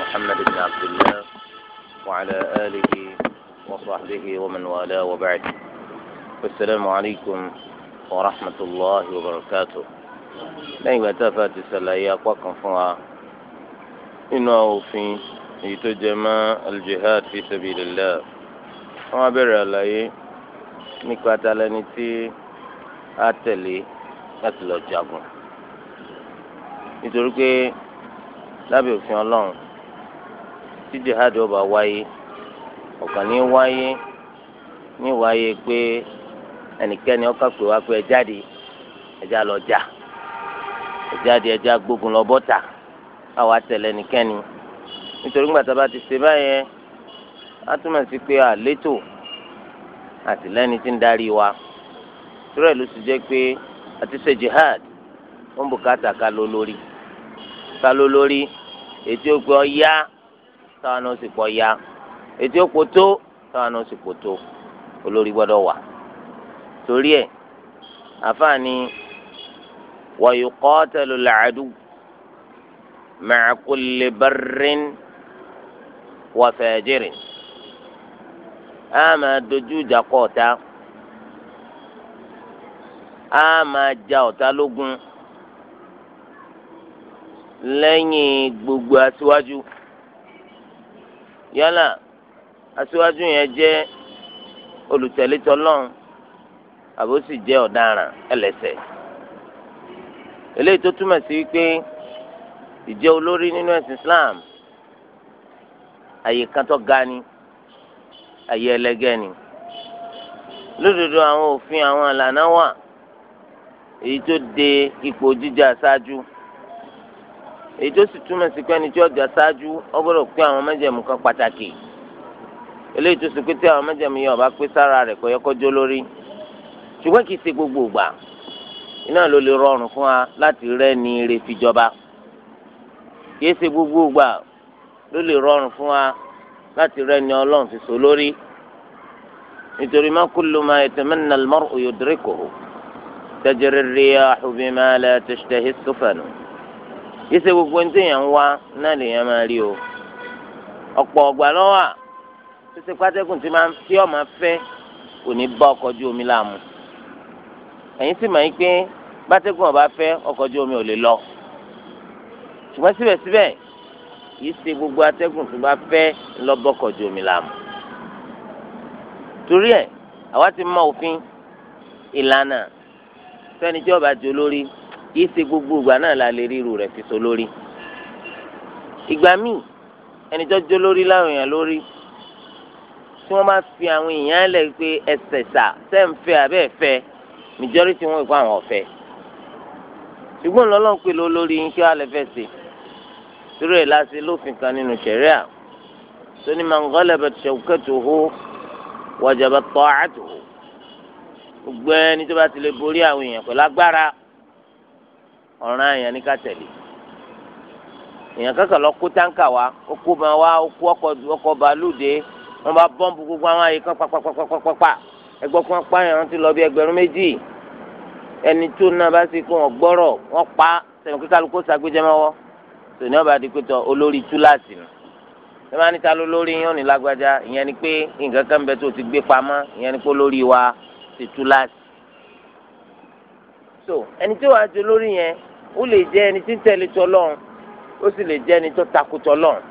محمد بن عبد الله وعلى آله وصحبه ومن والاه وبعد السلام عليكم ورحمة الله وبركاته lẹ́yìn ìgbà tá a fà ti ṣàlàyé apá kan fún wa nínú òfin èyí tó jẹ mọ́ aljihad fi sabilillah wọ́n á bẹ̀rẹ̀ àlàyé nípa talẹ́ni tí a tẹ̀lé láti lọ jagun nítorí pé lábẹ́ òfin ọlọ́run tí jihad ọba wáyé ọ̀kan ní wáyé ní wáyé pé ẹnikẹ́ni ọkà pè wá pé ẹ jáde ẹjá lọ jà ẹ jáde ẹjá gbógun lọ bọ́tà káwa tẹ̀lé ẹnikẹ́ni nítorí gbàtà bá ti ṣe báyẹn á túmọ̀ sí pé àlétò àtìlẹ́ni ti ń darí wa tírẹ̀ ló sì jẹ́ pé àti ṣe jihad ó ń bùkátà ká lọ ta ló lórí ètí òpè ọ̀yá táwọn náà sì pọ̀ ya ètí òpò tó táwọn náà sì pò tó olórí gbọ́dọ̀ wà torí ẹ̀ àfààní wa yuqatalu al-adu ma'a kulli barrin dojú ìjà kọ ọ̀tá a máa ja lẹ́yìn gbogbo aṣíwájú yálà aṣíwájú yẹn jẹ́ olùtẹ̀lé tọlọ́run àbó sì jẹ́ ọ̀daràn ẹlẹ́ṣẹ̀ eléyìí tó túmọ̀ sí wípé ìjẹ́ olórí nínú ẹ̀sìn Islam àyè kan tó ga ni àyè ẹlẹ́gẹ́ ni lódodo àwọn òfin àwọn àlànà wà èyí tó de ipò jíjà ṣáájú èyí tó sì túmọ̀ sí pé ẹni tí ọjà ṣáájú ó gbọ́dọ̀ pé àwọn mẹ́jẹ̀mú kan pàtàkì eléyìí tó sì pé tí àwọn mẹ́jẹ̀mú yẹn ọba pé sára rẹ̀ kọ́ yẹ kọjọ́ lórí ṣùgbọ́n kì í ṣe gbogbo ìgbà iná ló lè rọrùn fún wa láti rẹ́ni ire fìjọba kì í ṣe gbogbo ìgbà ló lè rọrùn fún wa láti rẹ́ni ọlọ́run fi so lórí nítorí ma kullu ma yatamanna al-mar'u yudrikuhu tajri ar-riyahu ìṣe gbogbo ní téèyàn ń wá náà lèèyàn máa rí o ọ̀pọ̀ ọ̀gbà lọ́wọ́ títí pátẹ́kùn tí máa ń tí ọ̀ máa fẹ́ kò ní bá ọkọ̀ ojú omi láàmú ẹ̀yin sì máa ń pé pátẹ́kùn ọ̀bá fẹ́ ọkọ̀ ojú omi ò lè lọ ṣùgbọ́n síbẹ̀síbẹ̀ yìí ṣe gbogbo atẹ́gùn tó bá fẹ́ lọ́bọ̀kọ̀ ojú omi láàmú torí ẹ̀ àwa ti mọ òfin ìlànà fẹ́ni tí ọba di olórí kìí ṣe gbogbo ìgbà náà la lè ríru rẹ̀ fi so lórí ìgbà míì ẹni tó jó lórí láwọn èèyàn lórí tí wọ́n bá fi àwọn èèyàn lẹ̀ pé ẹsẹ̀ sà sẹ́ǹfẹ́ abẹ́ẹ̀fẹ́ majority wọn kó àwọn ọ̀fẹ́ ṣùgbọ́n lọ́lọ́n pè ló lórí yín kí wọ́n á lè fẹ́ ṣe torí ẹ̀ láti lófin kan nínú ṣẹ̀ríà tó ní man ghalabat shawkatuhu wajabat ta'atuhu gbogbo ẹni tó bá ti lè borí àwọn èèyàn pẹ̀lú agbára ọ̀ràn àyàn ní ká tẹ̀lé èèyàn kankan lọ kó táǹkà wa ó kó ma wa ó kó ọkọ̀ bàálùdé wọ́n bá bọ́ǹbù gbogbo àwọn àyè kan pàpàpàpàpàpà ẹgbẹ́ kan pààyàn wọn ti lọ bí ẹgbẹ̀rún méjì ẹni tó náà bá sì kó wọn gbọ́rọ̀ wọ́n pa sẹ́yìn kíkà ló kó sagbéjẹ́mọ́wọ́ tòní ọba di olórí túláàsì nù ẹ máa níta ló lórí yín òní lágbájá ìyẹn ni pé nǹkan kan bẹ tó ti gbé pamọ́ ìyẹn ni pé olórí wa ti túláàsì so ẹni tí wàá ti olórí yẹn ó lè jẹ́ ẹni tí ń tẹ̀lé tọlọ́run ó sì lè jẹ́ ẹni tó takò tọlọ́run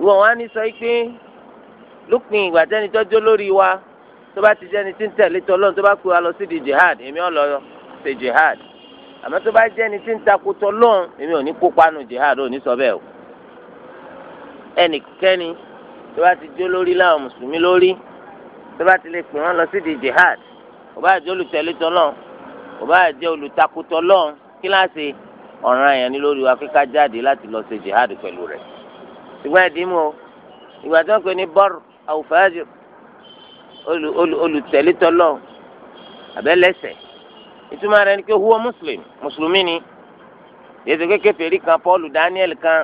ìwọ̀n wa ní sọ pé lópin ìgbà tẹ́ni tọ́jú lórí wa tó bá ti jẹ́ ẹni tí ń tẹ̀lé tọlọ́run tó bá pè wá lọ sí di jihad èmi ò lọ ṣe jihad àmọ́ tó bá jẹ́ ẹni tí ń takò tọlọ́run èmi ò ní kópa nù jihad ò ní sọ bẹ́ẹ̀ o ẹnikẹ́ni tó bá ti jó lórí láwọn mùsùlùmí lórí tó bá ti lè pè wọ́n lọ sí di jihad ó bá jẹ́ olùtẹ̀lé tọlọ́run ó bá jẹ́ olùtakò tọlọ́run kíláàsì ọ̀ràn yẹn ní lórí wa kíká jáde láti lọ ṣe jihad pẹ̀lú rẹ̀ ìgbà ìdímú o ìgbà tó ń pè ní bọ́ọ̀rù àwùfáàjù olùtẹ̀lítọ́lọ́ àbẹ́lẹ́sẹ̀ ìtumọ̀ rẹ̀ ni pé huwa muslim mùsùlùmí ni yẹtù kékeré fèrí kan Paul Daniel kan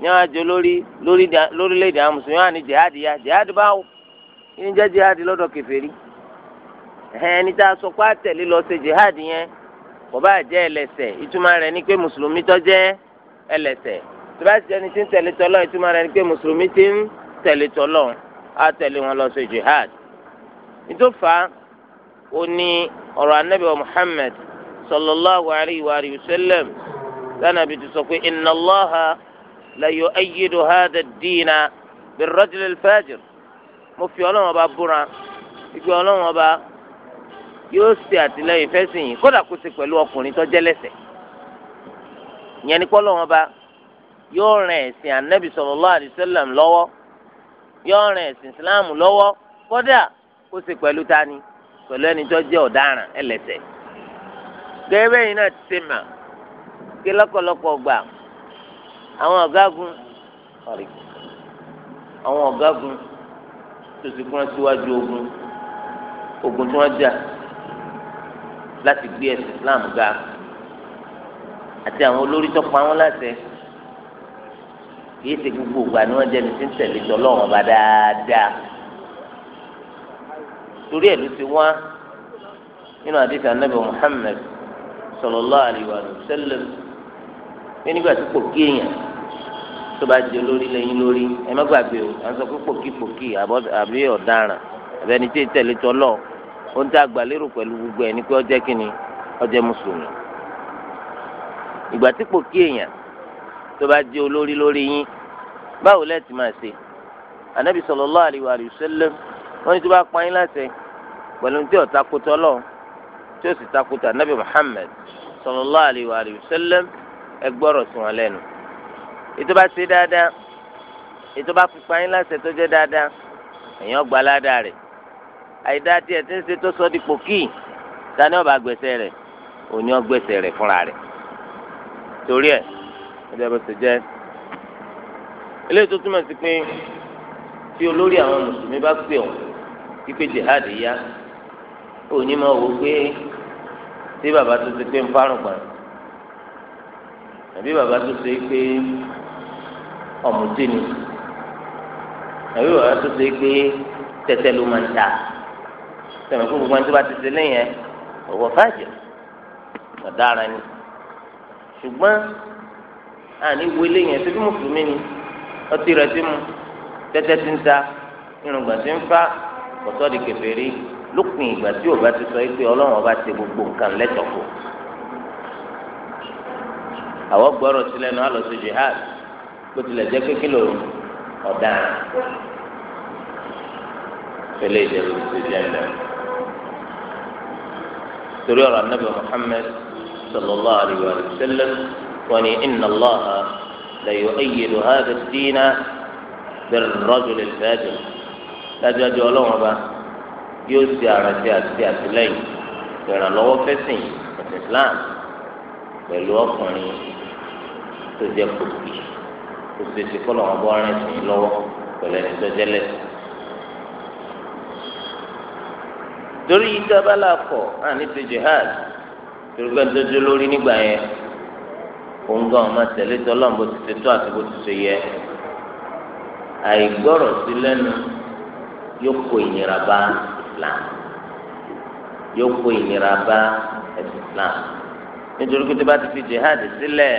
ní wọn àjò lórí lórílẹ̀‐èdè àwọn mùsùlùmí wọn ni jihad ya jihad báwo kí ni jẹ́ jihad lọ́dọ̀ kèfèrí ẹni tá a sọ pé àtẹ̀lé lọ ṣe jihad yẹn kò bá jẹ́ ẹlẹ́ṣẹ̀ ìtumọ̀ rẹ̀ ni pé mùsùlùmí tó jẹ́ ẹlẹ́ṣẹ̀ tó bá jẹ́ ẹni tí ń tẹ̀lé tọ́lọ́ ìtumọ̀ rẹ̀ ni pé mùsùlùmí tí ń tẹ̀lé tọ́lọ́ á tẹ̀lé wọn lọ sí jihad nítòfà ó ní ọ̀rọ̀ anábìá Muhammad sallallahu alayhi wa sallam lánàbí ti sọ pé inna Allaha la yu'ayyidu hadha ad-dina bir-rajul al-fajir mo fi ọlọ́wọ́n ọba búra ìgbẹ́ ọlọ́wọ́n ọba yóò ṣe àtìlẹ́yìn fẹ́sìn yìí kódà kó ṣe pẹ̀lú ọkùnrin tó jẹ́ lẹ́sẹ̀ ìyẹn ni kọ́lọ́ wọn bá yóò ràn ẹ̀sìn anabi sallallahu alaihi wasallam lọ́wọ́ yóò ràn ẹ̀sìn islam lọ́wọ́ kódà kó ṣe pẹ̀lú tani pẹ̀lú ẹni tó jẹ́ ọ̀daràn ẹlẹ́sẹ̀ gẹ́gẹ́ bẹ́ẹ̀ yìí náà ti ṣe mà kí lọ́kọ̀lọ́kọ̀ gbà àwọn ọ̀gágun àwọn ọ̀gágun tó ti kúrán síwájú ogun ogun tí wọ́n jà láti gbé ẹ̀sìn islam ga àti àwọn olórí tó pa wọn láṣẹ kìí ṣe gbogbo ìgbà ni wọn jẹni tí ń tẹ̀lé tọlọ́run bá dáadáa torí ẹ̀ ló ti wá nínú àdìsá nàbẹ Muhammad sallallahu alaihi wa sallam pé nígbà tí kò kí èèyàn tó bá jẹ lórí lẹ́yìn lórí ẹ má gbàgbé o à ń sọ pé pòkì pòkì àbí ọ̀daràn àbẹni tí ń tẹ̀lé tọlọ́run ohun tí a gbà lérò pẹ̀lú gbogbo ẹ̀ ni pé ó jẹ́ kínni ó jẹ́ mùsùlùmí ìgbà tí kò kí èèyàn tó bá jẹ́ olórí lórí yín báwo lẹ́ẹ̀tì máa ṣe anabi sallallahu alaihi wa sallam wọ́n ní tó bá pa yín láṣẹ pẹ̀lú tí ó tako Ọlọ́run tí ó sì tako anabi muhammed sallallahu alaihi wa sallam ẹ gbọ́rọ̀ sí wọn lẹ́nu ètò bá ṣe dáadáa ètò bá fi pa yín láṣẹ tó jẹ́ dáadáa èèyàn gbà ládàá rẹ̀ àyídá tí ẹ ti ń ṣe tó sọ di pòkì tani ọba gbèsè rẹ òní ọgbèsè rẹ fúnra rẹ torí ẹ ẹjẹ bó ṣe jẹ eléyìí tó túmọ̀ sí pé tí olórí àwọn mùsùlùmí bá pè ọ́ pípé jihad yá òní máa wò pé tí bàbá tó ti pé ń fárùn pa àbí bàbá tó ṣe pé ọ̀mùtí ni àbí bàbá tó ṣe pé tẹ́tẹ́ ló máa ń ta sẹmẹ kó gbogbo ẹni tó bá ti ṣe lẹ́yìn ẹ ọwọ́ fàájì ọ̀daràn ni ṣùgbọ́n àní wo eléyìn ẹ tó bí mùsùlùmí ni ọtí rẹ̀ ti mu tẹ́tẹ́ ti ń ta irùngbà ti ń fa kọtọ di kèfèrí lópin ìgbà tí o bá ti sọ pé Ọlọ́run ọba ti gbogbo nǹkan lẹ́tọ̀ọ̀kọ̀ àwọn gbọ́rọ̀ sílẹ̀ náà lọ sí jihad bó tilẹ̀ jẹ́ pé kí ló ọ̀daràn fẹlẹ́ ìjẹun ti jẹ́ lẹ́nu torí ọ̀rọ̀ anábì muhammed sallallahu alayhi wa sallam wọn ni inna allaha la yu'ayyidu hadha ad-dina bir-rajuli al-fajir dájúdájú ọlọ́run ọba yóò ṣe àrántí àti àtìlẹ́yìn ìrànlọ́wọ́ fẹ́sìn ẹ̀sìn islam pẹ̀lú ọkùnrin tó jẹ́ kòkì tó ṣe ṣe kọ́ lọ́wọ́ bọ́ rẹ̀ lọ́wọ́ pẹ̀lú ẹni tó jẹ́ lẹ́sìn. torí ìjọba làkọ̀ àní ti jihad torí pé dodo lórí nígbà yẹn òǹgà ọmọ tẹ̀lé tọ́lọ́ bó ti ṣe tó àti bó ti ṣe yẹ àìgbọ́rọ̀ sí lẹ́nu yóò kó ìnira bá Islam yóò kó ìnira bá ẹ̀sìn Islam nítorí pé tó bá ti fi jihad sílẹ̀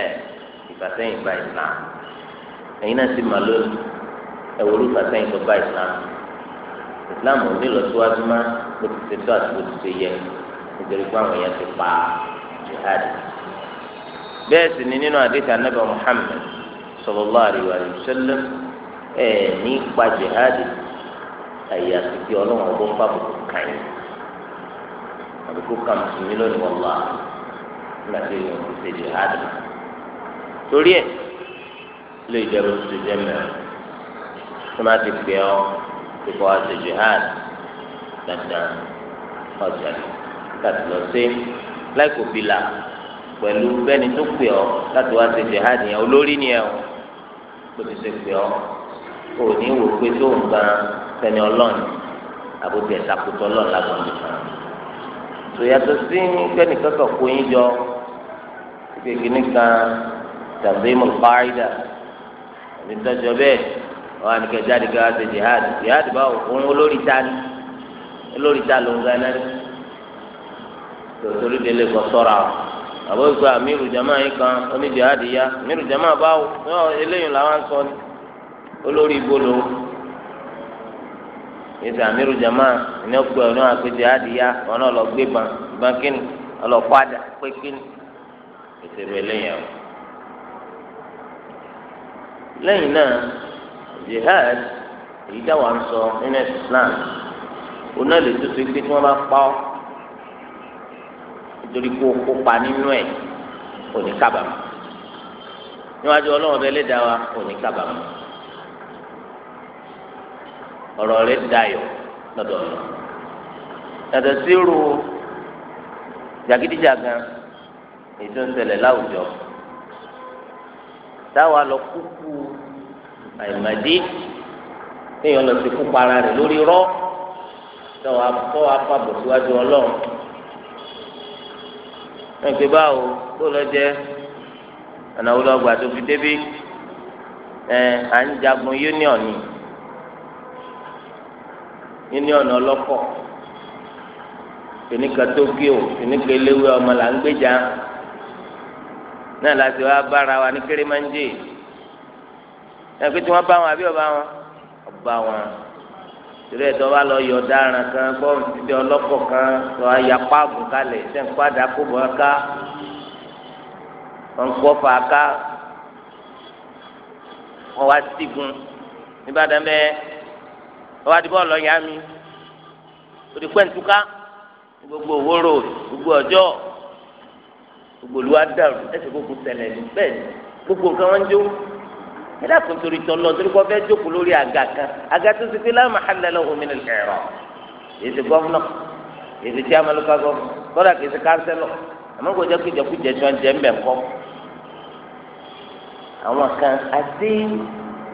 ìfàsẹ́yìn bá Islam ẹ̀yin náà sì máa lónìí ẹ̀wọ̀n olùfàsẹ́yìn tó bá Islam islam ò ní lọsíwájú má bó ti ṣe tó àti bó ti ṣe yẹ nítorí pé àwọn èèyàn ti pa jihad bẹ́ẹ̀ sì ni nínú àdéhùn anábà muhammed sallallahu alaihi wa sallam ẹ ní pa jihad àyè àti bí ọlọ́run ọgbọ́n fàbùkù kàn yín àbùkù kàn mùsùlùmí lónìí wọn lọ nígbà tí èèyàn ti ṣe jihad torí ẹ lè jẹ bó ti ṣe jẹ mẹ́rin tó má ti pè ọ́ kíkọ́ àti jihad dandan ọ̀sẹ̀ láti lọ sí láìkò bìlà pẹ̀lú bẹ́ni tó pè ọ́ láti wá ṣe jihad yẹn olórí ni ẹ̀ o tó ti ṣe pè ọ́ o ní wò pé tó ń gan sẹ́ni ọlọ́ọ̀ni àbótí ẹ̀ sàkótọ́ ọlọ́ọ̀ni lágbọ̀n nìkan tòyàtọ̀ sí pẹ́ni kọ́kọ́ kó yín jọ kékeré kan tàbí mọ̀ fáyidà àbí tọ́jọ́ bẹ́ẹ̀ wọn àni kẹjá di ká ṣe jihad jihad báwo òun olórí ta ni olórí ta ló ń ga náà tòtòrí délé kọ sọ́ra o àbọ̀ ìgbà jama yìí kan oní jihad ya mírù jama báwo eléyìí làwọn sọ ni olórí ibo lò ó yíṣẹ amiru jama ní ọgbẹ ọ náà pé jihadi ya wọn náà lọ gbé ban ban kíni ọlọpàdà pé kíni ètò ìbẹ lẹ́yìn lẹ́yìn náà jihad èyí táwa ń sọ nínú islam oná lè tó so pé tí wọ́n bá pa ọ́ nítorí kó o kópa nínú ẹ̀ kò ní kábàámọ̀ níwájú ọlọ́run bẹ́ẹ̀ lè dá wa kò ní kábàámọ̀ ọ̀rọ̀ rẹ̀ dayọ̀ lọ́dọ̀ ọ̀rọ̀ yàtọ̀ sí ru jàgídíjàgan èyí tó ń ṣẹlẹ̀ láwùjọ táwa lọ kúkú àìmọ̀dé téèyàn lọ sí fúnpa ara rẹ̀ lórí rọ́ tọ́wọ́ tọ́wọ́ afábọ̀ síwájú ọlọ́run wọn pe báwo tó lọ jẹ ànáwó lọgbà tó fi débí ẹ à ń jagun union ni union ọlọ́kọ̀ tòníkà tókíò tòníkà eléwé ọmọ là ń gbèjà náà láti wá bára wa ní kérémánjé ẹgbẹ́ tí wọ́n bá wọn àbí ọba wọn ọba wọn torí ẹ̀ tó bá lọ yọ ọ̀daràn kan kọ́ ibi ọlọ́kọ̀ kan lọ ya páàgùn kalẹ̀ sẹ́ńkú àdàkùbọ̀ ká ọ̀nkọ́fà ká wọ́n wá sígun nígbàdàn bẹ́ẹ̀ wọ́n wá di bọ́ọ̀lù ọ̀yá mi òdì pẹ́ǹtùká gbogbo òwúrò gbogbo ọjọ́ gbogbo olúwa dàrú ẹ̀sìn gbogbo tẹ̀lẹ̀ ní bẹ́ẹ̀ gbogbo nǹkan wọn jó ẹ̀dá kò torí tọ́lọ́ torí kọ́ fẹ́ jókòó lórí àga kan àga tó ti pé la mahalla lahu min al-i'rab èsì gọ́fúnà èsì tí a máa lóka gọ́fúnà kọ́dà kì í ṣe káńsẹ́lọ̀ àmọ́ kò jẹ́ kó jẹ́ kó jẹ́ tí wọ́n jẹ́ ń bẹ̀ kọ́. àwọn kan àti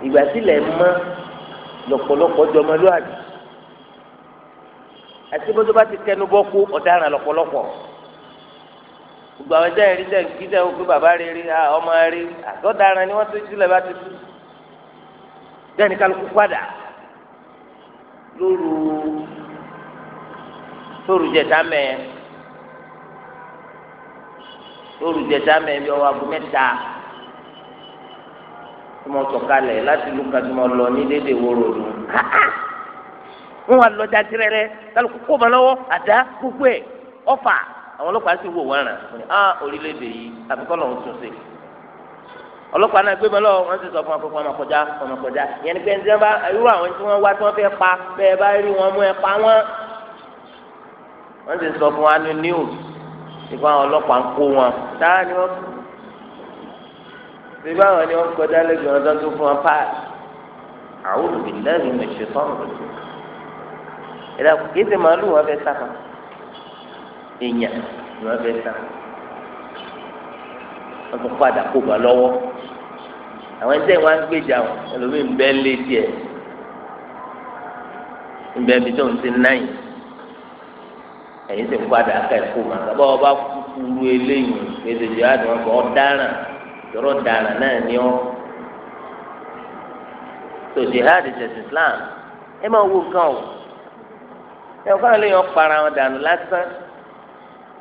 ìgbà sílẹ̀ mọ́ lọ́pọ̀lọpọ̀ jọmọlúwàbí àti bó tó bá ti kẹnu bọ́ ọ̀daràn lọ́pọ̀lọpọ̀ gbogbo àwọn ẹjẹ ìrìn tẹ̀sí kí tẹ̀wọ́ pé bàbá rere ọmọ rere àtọ́dára ni wọ́n ti sílẹ̀ bá ti tú bẹ́ẹ̀ni kálukú padà lóru lóru jẹta mẹ́ẹ̀ lóru jẹta mẹ́ẹ̀ bí ọwọ́ aago mẹ́ta tí mo sọ̀kalẹ̀ láti ìlú kan tí mo lọ ní dédé wóró nù wọ́n wá lọ jáde rẹ̀ kálukú kó ma lọ́wọ́ àdá gbogbo ẹ̀ ọ̀fà àwọn ọlọ́pàá sì wò wọ́n rà wọ́n ní ah orílẹ̀-èdè yìí àbíkọ́ lọ́hún tún ṣe ọlọ́pàá náà gbé bọ́lọ́ wọ́n sì sọ fún akókò ọmọ kọjá ọmọ kọjá ìyẹn ni pé ní bá irú àwọn tí wọ́n wá tí wọ́n fẹ́ pa bẹ́ẹ̀ bá rí wọn mú ẹ pa wọ́n wọ́n sì sọ fún wa ní news nípa àwọn ọlọ́pàá ń kó wọn táwa ni wọ́n fi bá wọn ni wọ́n kọjá lẹ́gbẹ̀ẹ́ wọn tó fún wọn páàlì àwọn olùdílẹ́rìí ní ìṣètò ọ̀rọ̀ ìdàkùn kí èèyàn ni wọ́n fẹ́ tán wọ́n tún padà kó bá lọ́wọ́ àwọn ẹni tẹ́ wọ́n á gbèjà wọn ẹlòmíín bẹ́ẹ̀ lé tiẹ̀ nbẹ bi tó ń ti náà yìí ẹyin ti ń padà ká ẹ̀kọ́ ma bàbá ọba kúkúrú eléyìí ètòjì àdùn ọgbà ọ̀daràn tọrọ daràn náà ni ọ tó jihad ṣẹṣin Islam ẹ máa wo nǹkan o ẹ wọn káwọn lè yàn wọn dànù lásán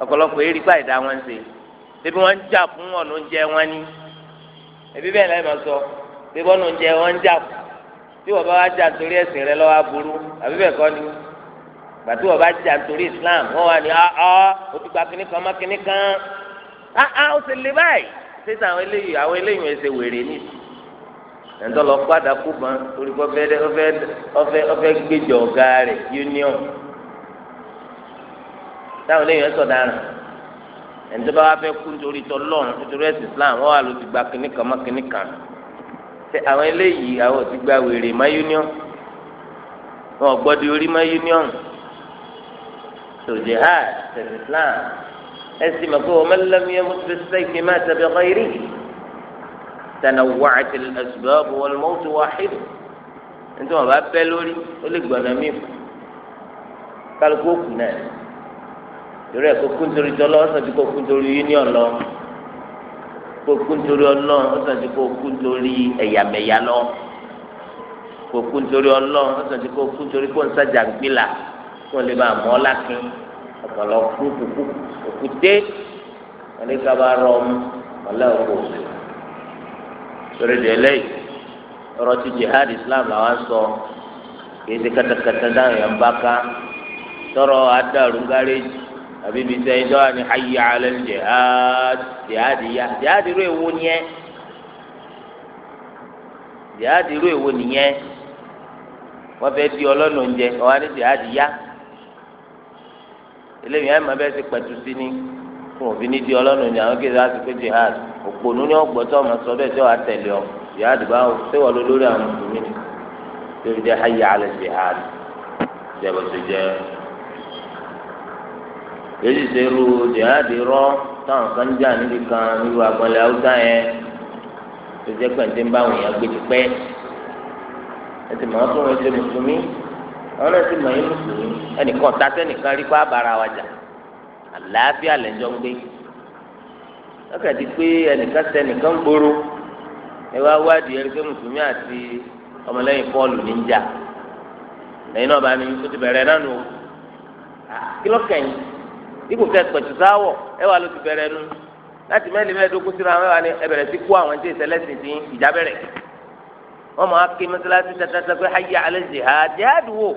ọ̀pọ̀lọpọ̀ eré gbà ìdá wọn ṣe ebi wọn ń jà fún ọ̀nà oúnjẹ wọn ni ebi bẹ́ẹ̀ láì máa sọ ebi ọ̀nà oúnjẹ wọn ń jà fún tí wọ́n bá wá jà torí ẹ̀sìn rẹ lọ́wọ́ aburú àbí bẹ́ẹ̀ kọ́ ni gbàtí wọ́n bá jà torí Islam wọ́n wà ní ọ́ ah, o ah, ti gba kínní kan má kínní kan áá ah, ó ti lè báyìí sísan àwọn eléyìí àwọn eléyìí ẹsẹ̀ wèrè ní ẹ̀ńtọ́ lọ padà kú kan torí pé ọfẹ́ ọfẹ́ ọfẹ́ gbẹjọ ọ̀gá rẹ̀ union táwọn eléyìí ń sọ̀daràn ẹni tó bá wá fẹ́ kú nítorí tọlọ́run nítorí ẹ̀sìn islam wọ́n wà ló ti gba kínní kan mọ́ kínní kan ṣe àwọn eléyìí àwọn ò ti gba wèrè má union wọn ò gbọ́dọ̀ orí má union tó jihad ẹ̀sìn islam ẹ̀sìn mọ̀ pé ọmọ lẹ́mìí ẹ̀mú ti sẹ́yìn má tẹ̀lé ọ̀gá irí tanawwa'at al-asbab wal-mawtu wahid nítorí wọn bá bẹ́ lórí ó lè gbọ̀nà mí kálukú òkú náà torí ẹ̀ kó kú nítorí tọ́lọ́ ọ̀sán tí kò union lọ kó kú nítorí ọlọ́run ọ̀sán tí kò kú nítorí ẹ̀yàmẹ̀yà lọ kó kú nítorí ọlọ́run ọ̀sán tí kò kú nítorí kó ń sájà gbìlà kó lè bá mọ́ lákin ọ̀pọ̀lọ kú kúkú òkúté ọ̀lẹ́kàbà rọm ọ̀lẹ́ òkú torí délé ọ̀rọ̀ ti jihad islam làwọn sọ kì í ṣe kẹtẹkẹtẹ dáhùn yẹn ń bá ká tọrọ adarú gáréjì àbí ibi tẹ ẹjọ́ ni ayé alẹ́ ń jẹ jihadi ya jihadi irú èwo nìyẹn jihadi irú èwo nìyẹn wọ́n fẹ́ di ọlọ́nà oúnjẹ ọ̀hún ni jihadi ya eléyìí ẹ̀ máa bẹ́ẹ̀ ti pẹ̀tù sí ni fún òfin ní di ọlọ́nà oúnjẹ àwọn kéde láti pé jihadi òpònú ni wọ́n gbọ́ tó ọmọ sọ bẹ́ẹ̀ tí wọ́n tẹ̀lé ọ jihadi báwo ṣé wọ́n lọ lórí àwọn mùsùlùmí ni lórí jẹ́ ayé alẹ́ jihadi jẹ́ bó jẹ́ èyí ṣe ru jihadi rọ táwọn kan jà níbi kan nílùú agbọ̀nlẹ̀ haúsá yẹn tó jẹ́ pẹ̀ntẹ́ ń bá àwọn èèyàn gbé ti pẹ́ ẹ ti mọ̀ ọ́ tó wọn ṣe mùsùlùmí àwọn náà ti mọ̀ ẹ́ mùsùlùmí ẹnìkan ta sẹ́nìkan rí kó àbára wa jà àlàáfíà lẹ́jọ́ ń gbé lọ́kàdí pé ẹnìkan sẹ́nìkan gbòòrò ẹ wá wádìí ẹni pé mùsùlùmí àti ọmọlẹ́yìn pọ́ọ̀lù ní ń jà lẹ́yìn náà bá ní tó ti bẹ̀rẹ̀ náà nù ah, kí lọ́kàn yìí ipò tẹ pẹ̀tù sáwọ̀ ẹ wà ló ti bẹ̀rẹ̀ nu láti mẹ́lì mẹ́ẹ̀ẹ́dógún síra wọn wà ní ẹbẹ̀rẹ̀ ti kó àwọn tí ìṣẹ̀lẹ̀sìn ti ìjà bẹ̀rẹ̀ wọn máa ké mọ́sálásí tatata pé ayé alẹ́ jihad jihad wò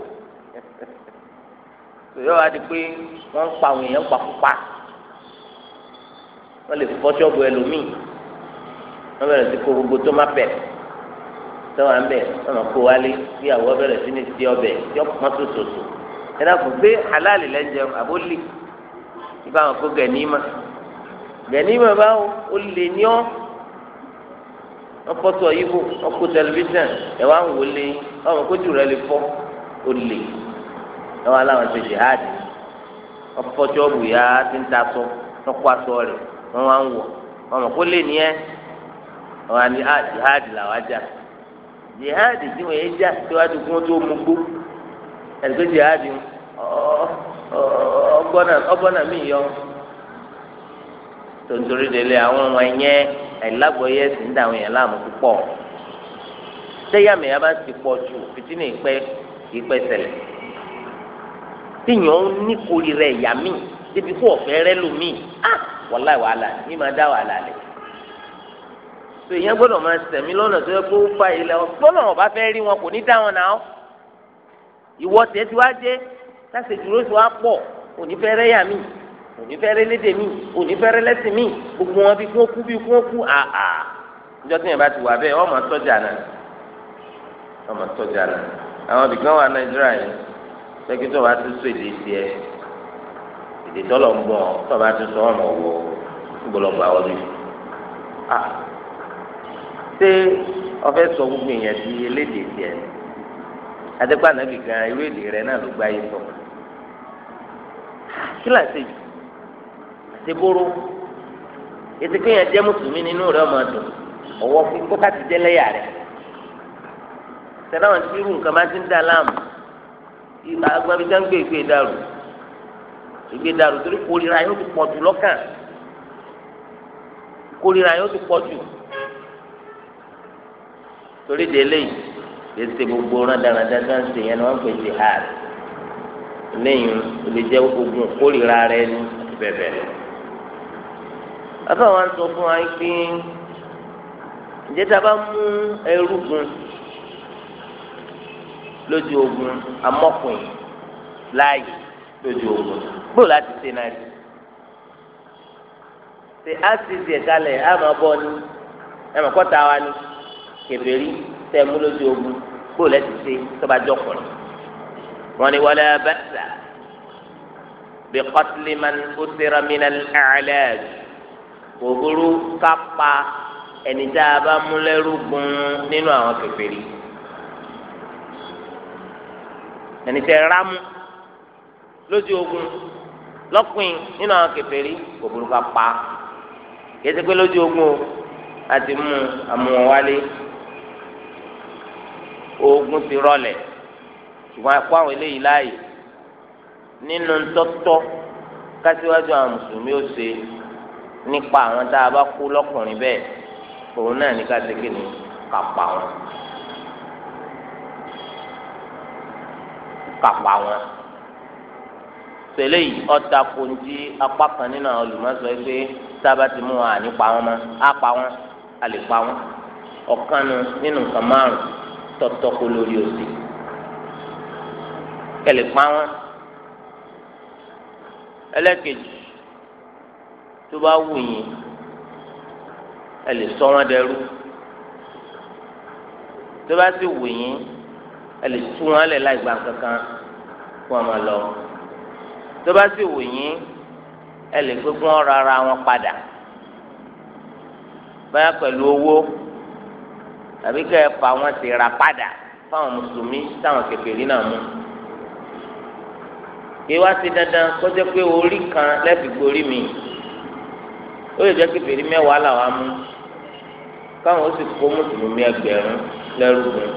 yọ wá di pé wọ́n ń pa àwọn èèyàn pàkópa wọ́n lè fọ́ ṣọ́ọ̀bù ẹlòmíì wọ́n bẹ̀rẹ̀ sí kó gbogbo tó má bẹ̀ tọ́wọ́ à ń bẹ̀ wọ́n máa kó wálé bí àwọ̀ bẹ̀rẹ̀ sí ní ti ọbẹ̀ yọ pọ́n tó tòtò ẹ náà kò gbé halali lẹ́jẹ̀ àbólì ibà wọn kó gẹ̀nìmà gẹ̀nìmà báwo ó lè ní ọ́ ọkọtọ ibo ọkọ tẹlifíṣàn ẹ wá ń wọlé ọmọ kójú rẹ lè fọ ó lè ẹ wá láwọn ṣe jihad ọfọjọ bùyá ti ń ta sọ lọkọ aṣọ rẹ wọn wá ń wọ ọmọ kó lè ní ẹ wọn á ní ah, làwọn ajá jihad tí wọn yé já síwájú kí wọn tó mú gbó ẹgbẹ ọgbọ́nà ọgbọ́nà mi yọ tontori délé àwọn ọmọ ẹ̀yẹ àìlágbọ̀yé ẹ̀sìn ń da àwọn èèyàn láàmú púpọ̀ tẹ́yàmẹ̀yà bá ti pọ̀ jù fìtínà ìpẹ́ ìpẹ́ ṣẹlẹ̀ tíyàn ń níkori rẹ̀ yà mí débi kó ọ̀fẹ́ rẹ lómi ah wàláì wàhálà ní máa dá wàhálà lẹ̀ tó èèyàn gbọ́dọ̀ máa sẹ̀mí lọ́nà tó yẹ kó fa ilẹ̀ ọ̀gbọ́nà ọ̀bá fẹ́ rí wọn kò ní dá wọn náà ìwọ tẹ̀ tí wá jẹ́ táṣe dúró tí wá pọ̀ onífẹ́rẹ́ yà mí onífẹ́rẹ́ lédè mí onífẹ́rẹ́ lẹ́sìn mí gbogbo wọn bí kún kú bí kún kú àhà níjọ́ tí yẹn bá ti wà bẹ́ẹ̀ ọmọ tọ́jà náà ọmọ tọ́jà náà àwọn ibìkan wà nàìjíríà yìí pẹ́kí tó bá ti sọ èdè tiẹ̀ èdè tọ́lọ̀ ń bọ̀ tó bá ti sọ ọmọ wọ gbọlọgbà wọlé ah ṣé ọfẹ sọ gbogbo èèyàn di elédè tiẹ̀ adépa nàbì gan irú èdè rẹ náà ló gbáyé sọ. So kí là ń ṣe yìí seboro ètò kéèyàn jẹ́ mùsùlùmí nínú rẹ̀ ọmọ dùn ọwọ́ fún kókà ti jẹ́ lẹ́yà rẹ̀ sẹ́dáwọn tí irú nǹkan bá ti ń dà láàmú agbábíjá ń gbé ìgbé dàrú ìgbé dàrú torí kórìíra yóò ti pọ̀ jù lọ́kàn kórìíra yóò ti pọ̀ jù torí délé yìí ètò gbogbo rán dáradára ń yẹn ni wọ́n ń pè lẹ́yìn o lè jẹ́ ogun kórìíra rẹ ní bẹ̀bẹ̀ rẹ. afọwọ́n sọ fún wa pé ǹjẹ́ tá a bá mú ẹrú gun lójú ogun amọ́kùnrin láàyè lójú ogun gbọ́dọ̀ láti ṣe náà rí ṣe á ti ṣe kalẹ̀ á máa bọ́ ni ẹ máa kọ́ta wa ni kẹfẹ́rí tẹ̀ mú lójú ogun gbọ́dọ̀ láti ṣe tọ́ba jọkùnrin wọn ni wala ba'sa bí qatli man usira minal a'laj kò burú kápá ẹni tá a bá mú lẹ́rú gun nínú àwọn kèfèrí ẹni tẹ rámú lójú ogun lọ́pìn nínú àwọn kèfèrí kò kápá kìí pé lójú ogun o àti mú àmúwọ̀n ogun ti rọlẹ̀ ṣùgbọ́n àpò àwọn eléyìí láàyè nínú tọ́tọ́ kásíwájú àwọn mùsùlùmí ó ṣe nípa àwọn tá a bá kú lọ́kùnrin bẹ́ẹ̀ òun náà ní ká tẹ́kẹ́ ní kàpá wọn. kàpá wọn. tẹ̀lé yìí ọ̀tà kò ń di apá kan nínú àwọn olùmọ̀sọ pé sábà ti mú wọn àní pa wọn mọ́ á pa wọn a lè pa wọn ọ̀kan nínú nǹkan márùn-ún tọ́tọ́ kó lórí òsì kẹlẹ pa wọn ẹlẹ́kejì tó bá wù yín ẹ lè sọ wọn dẹrú tó bá sì wù yín ẹ lè tú wọn lẹ̀ láì gba kankan kó wọn máa lọ tó bá sì wù yín ẹ lè pé kí wọn rárá wọn padà báyà pẹ̀lú owó tàbí kẹ́ ẹ fà wọn ti ra padà fáwọn mùsùlùmí táwọn kèfèrí náà mú kí wá sí dandan kó jẹ́ pé orí kan lẹ́bi gborí mi ó lè jẹ́ pé fèrè mẹ́wàá làwọn mú káwọn ó sì kó mùsùlùmí ẹgbẹ̀rún lẹ́rùgùn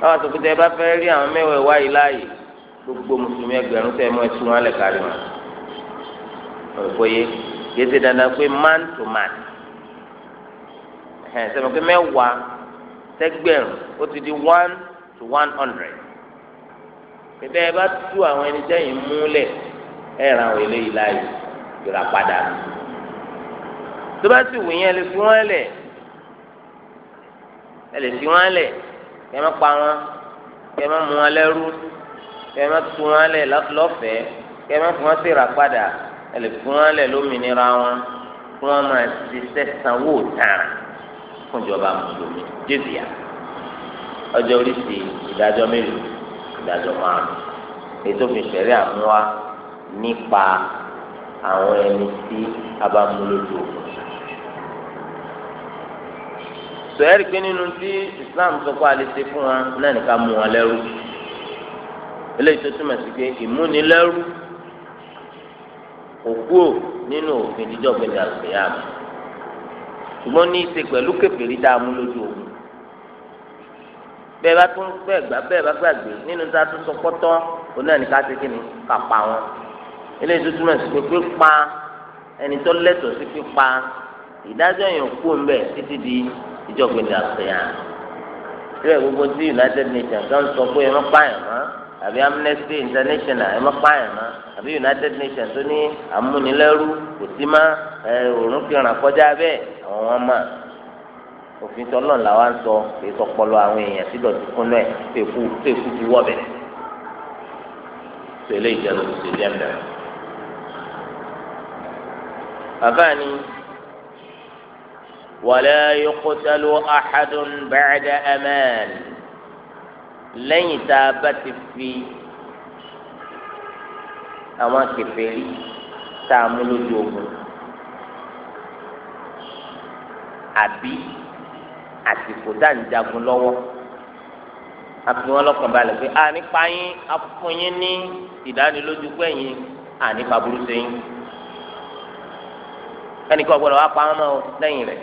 káwọn àtòkùtà ẹ bá fẹ́ rí àwọn mẹ́wàá wá yìí láàyè gbogbo mùsùlùmí ẹgbẹ̀rún tẹ́ ẹ mọ́ ẹtú wọn lẹ̀ wọn. òkòye kì í ṣe dandan pé man to man ẹ̀hẹ́n sẹ́mi pé mẹ́wàá tẹ́gbẹ̀rún ó ti di one to one hundred níta ẹ bá tú àwọn ẹni sẹ́yìn múlẹ̀ ẹ ràn wọ́n eléyìí láàyè ìrà padà nù. tó bá sì wù yín ẹ lè fi wọ́n lẹ̀ ẹ lè fi wọ́n lẹ̀ kẹ́ má pa wọn kẹ́ má mú wọn lẹ́rú kẹ́ má tú wọn lẹ̀ lọ́fẹ̀ẹ́ kẹ́ má fi wọ́n sí ìrà padà ẹ lè fi wọ́n lẹ̀ lómìnira wọn kí wọ́n máa ṣiṣẹ́ sanwó tààrà fún ìjọba mùsùlùmí jésìyà ọjọ́ orí sí ìdájọ́ mélòó ìdájọ́ márùn ètò ìfẹ̀rí àmúwá nípa àwọn ẹni tí a bá mú lójú òkun. sọ̀rọ̀ pé nínú tí Islam sọ pé a lè ṣe fún wa náà nìkan mú wọn lẹ́rú eléyìí tó túmọ̀ sí pé ìmúnilẹ́rú kò kúò nínú òfin jíjọ́ gbẹ̀dẹ̀ àgbẹ̀yà mi ṣùgbọ́n ní í ṣe pẹ̀lú kèfèrí tá mú lójú òkun bẹ́ẹ̀ bá tún bẹ́ẹ̀ gbà bẹ́ẹ̀ bá gbàgbé nínú tá a tún sọ pọ́tọ́ òun náà ní ká ṣe kíni ká pa wọn eléyìí tó túmọ̀ sí pé pípa ẹni tó lẹ́tọ̀ọ́ sí pípa ìdájọ́ yẹn kú ń bẹ̀ títí di ìjọba ìdá àfẹ́yà síbẹ̀ gbogbo tí United Nations kan sọ pé ẹ má pààyàn mọ́ àbí Amnesty International ẹ má pààyàn mọ́ àbí United Nations tó ní àmúnilẹ́rú kò sí má òórùn kìrànà kọjá bẹ́ẹ̀ àwọn ọmọ òfin tí ọlọ́run làwa ń sọ èyí tó pọlọ àwọn èèyàn tí dọ̀tí kúnú ẹ̀ tó èkú tó èkú ti wọ́ bẹ̀rẹ̀ tó eléyìí jẹ́ lóṣù jẹ́ mẹ́rin. bàbá ni wala yuqtalu ahadun ba'da aman lẹ́yìn tá a bá ti fi àwọn kèfèrí tá a mú lójú ogun àbí àsìkò dá ń jagun lọ́wọ́ àfi wọn lọ́kàn balẹ̀ pé a nípa yín afún yín ní ìdánilójú pé yín a nípa burú sẹ́yìn ẹnìkan gbọ́dọ̀ wá pa wọn mọ́ lẹ́yìn rẹ̀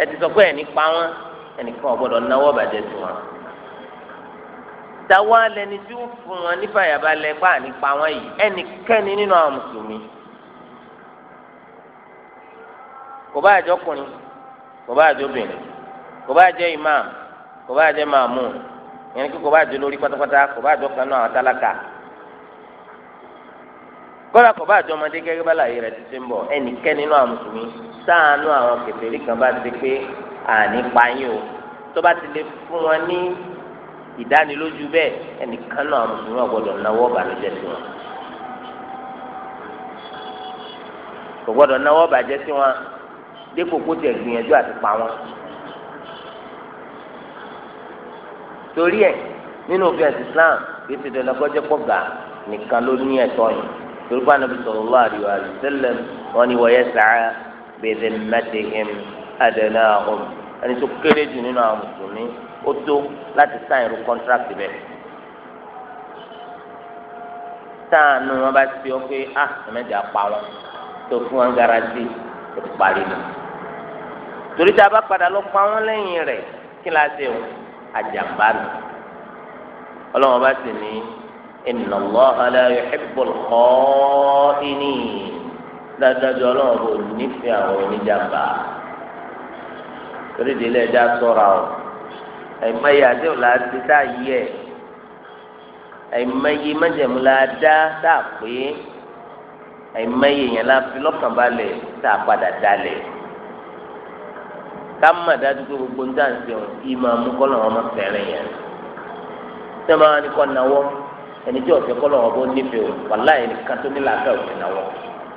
ẹ ti sọ pé ẹ nípa wọn ẹnìkan gbọ́dọ̀ náwó bàjẹ́ sí wọn táwa lẹni tí ó fún wọn ní fàyàbalẹ̀ pa nípa wọn yìí ẹnikẹ́ni nínú àwọn mùsùlùmí kò bá àjọkùnrin kò bá jẹ́ obìnrin kò bá jẹ́ imam kò bá jẹ́ maamu yẹn kí kò bá jẹ́ lórí pátápátá kò bá jọ kanú àwọn tálákà kọ́lá kò bá jọ ọmọdé gẹ́gẹ́ bá láàyè rẹ̀ ti ṣe ń bọ̀ ẹnikẹ́ni nínú àwọn mùsùlùmí sáànù àwọn kèfèrí kan bá ti pé àní pààyàn o tó ti lè fún wọn ní ìdánilójú bẹ́ẹ̀ ẹnìkan náà mùsùlùmí ọ̀gbọ́dọ̀ náwó ọ̀bànújẹ́ sí wọn kò náwó ọ̀bàjẹ́ sí wọn dépò kó tiẹ̀ gbìyànjú àti pa wọn. torí ẹ̀ nínú òfin ẹ̀sìn Islam kì í ti dọ̀lá gbọ́jọ́ pọ̀ gà nìkan ló ní ẹ̀tọ́ yìí torí bá nàbí sallallahu alaihi wasallam wọn ni wọ́n yẹ sàá bèbè mẹ́tẹ̀hìn àdánà ọ̀hún ẹni tó kéré jù nínú àwọn mùsùlùmí ó tó láti sáìn irú kọ́ńtrákì bẹ́ẹ̀ táànù wọn bá ti ọ pé ah ẹ̀mẹ́jọ apá wọn tó fún wọn garanti ó ti parí torí tá a bá padà lọ pa wọn lẹ́yìn rẹ̀ kí la ṣe o àjàmbá mi ọlọ́run bá sì ní inna Allaha la yuhibbul kha'inin dájúdájú ọlọ́run bò nífẹ̀ẹ́ àwọn oníjàmbá torí délé ẹja sọ̀ra o ẹ̀mẹ́yẹ àdéhùn la ti tá a yí ẹ̀ ẹ̀mẹ́yẹ mẹ́jẹ̀mú la dá tá a pé ẹ̀mẹ́yẹ yẹn la fi lọ́kànbalẹ̀ tá a padà dalẹ̀ kama dájú pé gbogbo ń dáǹsì ọ̀hún ìmọ̀ àmúkọ́lọ̀ wọn máa fẹ́rẹ̀ yẹn ṣé máa ní kọ́ náwọ́ ẹni tí ọ̀sẹ̀ kọ́lọ̀ wọn bó nífẹ̀ẹ́ o wàlá ẹni ká tó ní làákà òsì náwọ́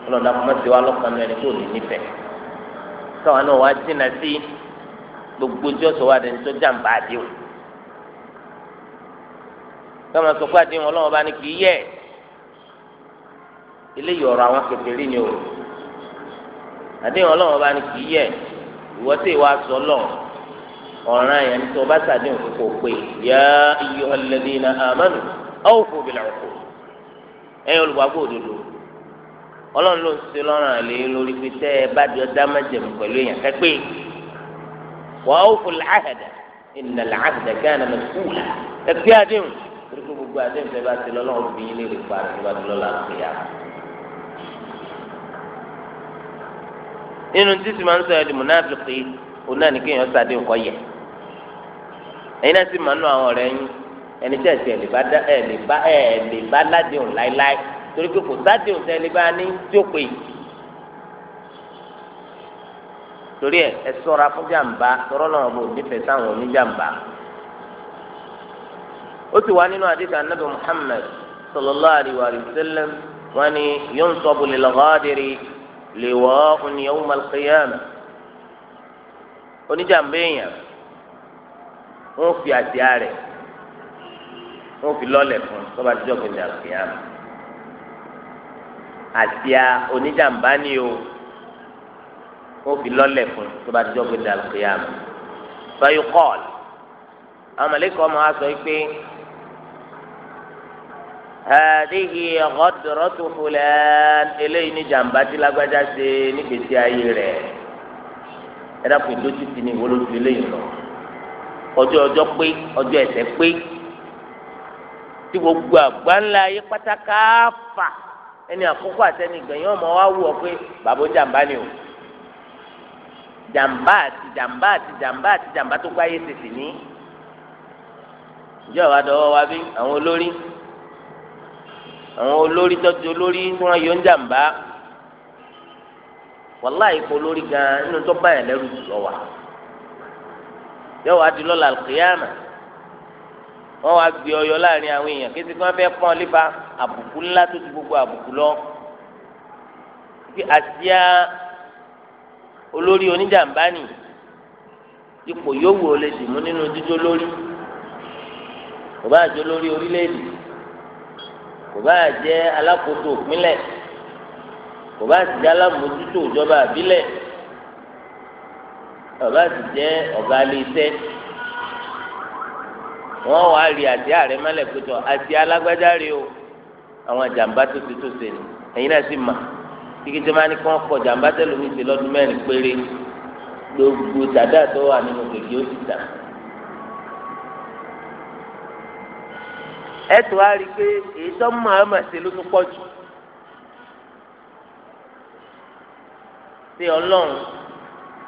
ọlọ́dà kò má ti wá lọ́kànnú ẹni tó ní nífẹ̀ẹ́ káwọn náà wá jìnnà sí gbogbo tí ọ̀sọ̀ wa dẹni tó jàǹbá àdéhùn káwọn sọ pé àdéhùn ọlọ́wọ́n bá ní kì í yẹ eléyìí ọ̀rọ̀ àwọn kékeré ni o àdéhùn ọlọ́wọ́n bá ní kì í yẹ ìwọ tí ìwà sọ lọ ọ̀ràn yẹn ní tí wọn bá sàdéhùn kò pé yá iyọ ẹlẹdí iná àmánu ọwọ kò bìlà ọkọ ẹyìn olùwàgbọ òdodo Ọlọ́run ló ń ṣe lọ́rùn àlè lórí pé tẹ ẹ bá jọ dá májẹ̀mú pẹ̀lú èèyàn kẹpẹ wà ọwọ kò ìnà làáhàdà kí àná mẹ kúùlà ẹ àdéhùn torí pé gbogbo àdéhùn tẹ bá ti lọ́rùn bí yín lè rí nínú tí sì máa ń sọ ẹdùnmù náà tó pé òun náà ní kéèyàn sáde nǹkan yẹ ẹ̀yin náà sì máa ń nú àwọn ọ̀rẹ́ yín ẹni tí ẹsẹ ẹlẹba ẹlẹba ẹlẹba ládéhùn láéláé torí pé kò sádéhùn tẹ ẹlẹba ní tí ó pè é torí ẹ ẹ ṣọ́ra fún jàǹbá tọrọ náà bò nífẹ̀ẹ́ sáwọn oníjàǹbá ó ti wá nínú àdìsá anábì Muhammad sallallahu alaihi wa wọn ni yóò ń sọ bùlẹ̀ lọ́gọ́dìrì liwa'un yawmal qiyamah oníjàmbá èèyàn wọn fi àdìá rẹ̀ wọn fi lọ́lẹ̀ fún tọba àtijọ́ gbẹdẹ àlùkìyàmà àdìá oníjàmbá ni o wọn fi lọ́lẹ̀ fún tọba àtijọ́ gbẹdẹ àlùkìyàmà fayokọọlù àwọn mọlẹkọ ọmọ wa sọ pé hàdíhì ọ̀gọ́dọ̀rọ̀tò fúlẹ̀ eléyìí ní jàǹbá tí lágbájá ṣe nígbèsí ayé rẹ̀ ẹ dákun ìdójú ti ní ìwọlójú eléyìí lọ ọjọ́ ọjọ́ pé ọjọ́ ẹ̀sẹ̀ pé tí gbogbo àgbáńlá ayé pátákà fà ẹni àkókò àtẹni gbẹ̀yìn ọmọ wa wù ọ pé bàbá jàǹbá ni o jàǹbá àti jàǹbá àti jàǹbá àti jàǹbá tó gbáyé tètè ní ìjọba dọwọ́ wa bí àwọn àwọn olórí tọ́jú olórí tí wọ́n yọ ń jàǹbá wàláì kó lórí gan inú tó bá yẹn lẹ́rù jù lọ wà yóò wá di lọ́la kìyàmà wọ́n wá gbé ọyọ láàrin àwọn èèyàn kéde kí wọ́n fẹ́ pọ́n lépa àbùkù ńlá tó ti gbogbo àbùkù lọ kí àsíá olórí oníjàǹbá nì ipò yòówù ó lè dì mú nínú jíjó lórí kò bá àjọ lórí orílẹ̀-èdè kò bá jẹ́ alákòóso ìpínlẹ̀ kò bá sì jẹ́ alámòójútó ìjọba àbílẹ̀ kò bá sì jẹ́ ọ̀gá iléeṣẹ́ wọ́n wàá rí àti ààrẹ mọ́lẹ̀ pẹ̀tọ́ àti alágbájá rí o àwọn jàǹbá tó ti tó ṣe ni ẹ̀yin náà sì mà kíkẹ́ tó máa ní kí wọ́n pọ̀ jàǹbá tẹ́lómi ṣe lọ́dún péré gbogbo dàda tó wà nínú kèké ó ti tà. ẹtù wa rí i pé èyí tó ń máa ma ṣe ló tún pọ̀ jù ṣé ọlọ́run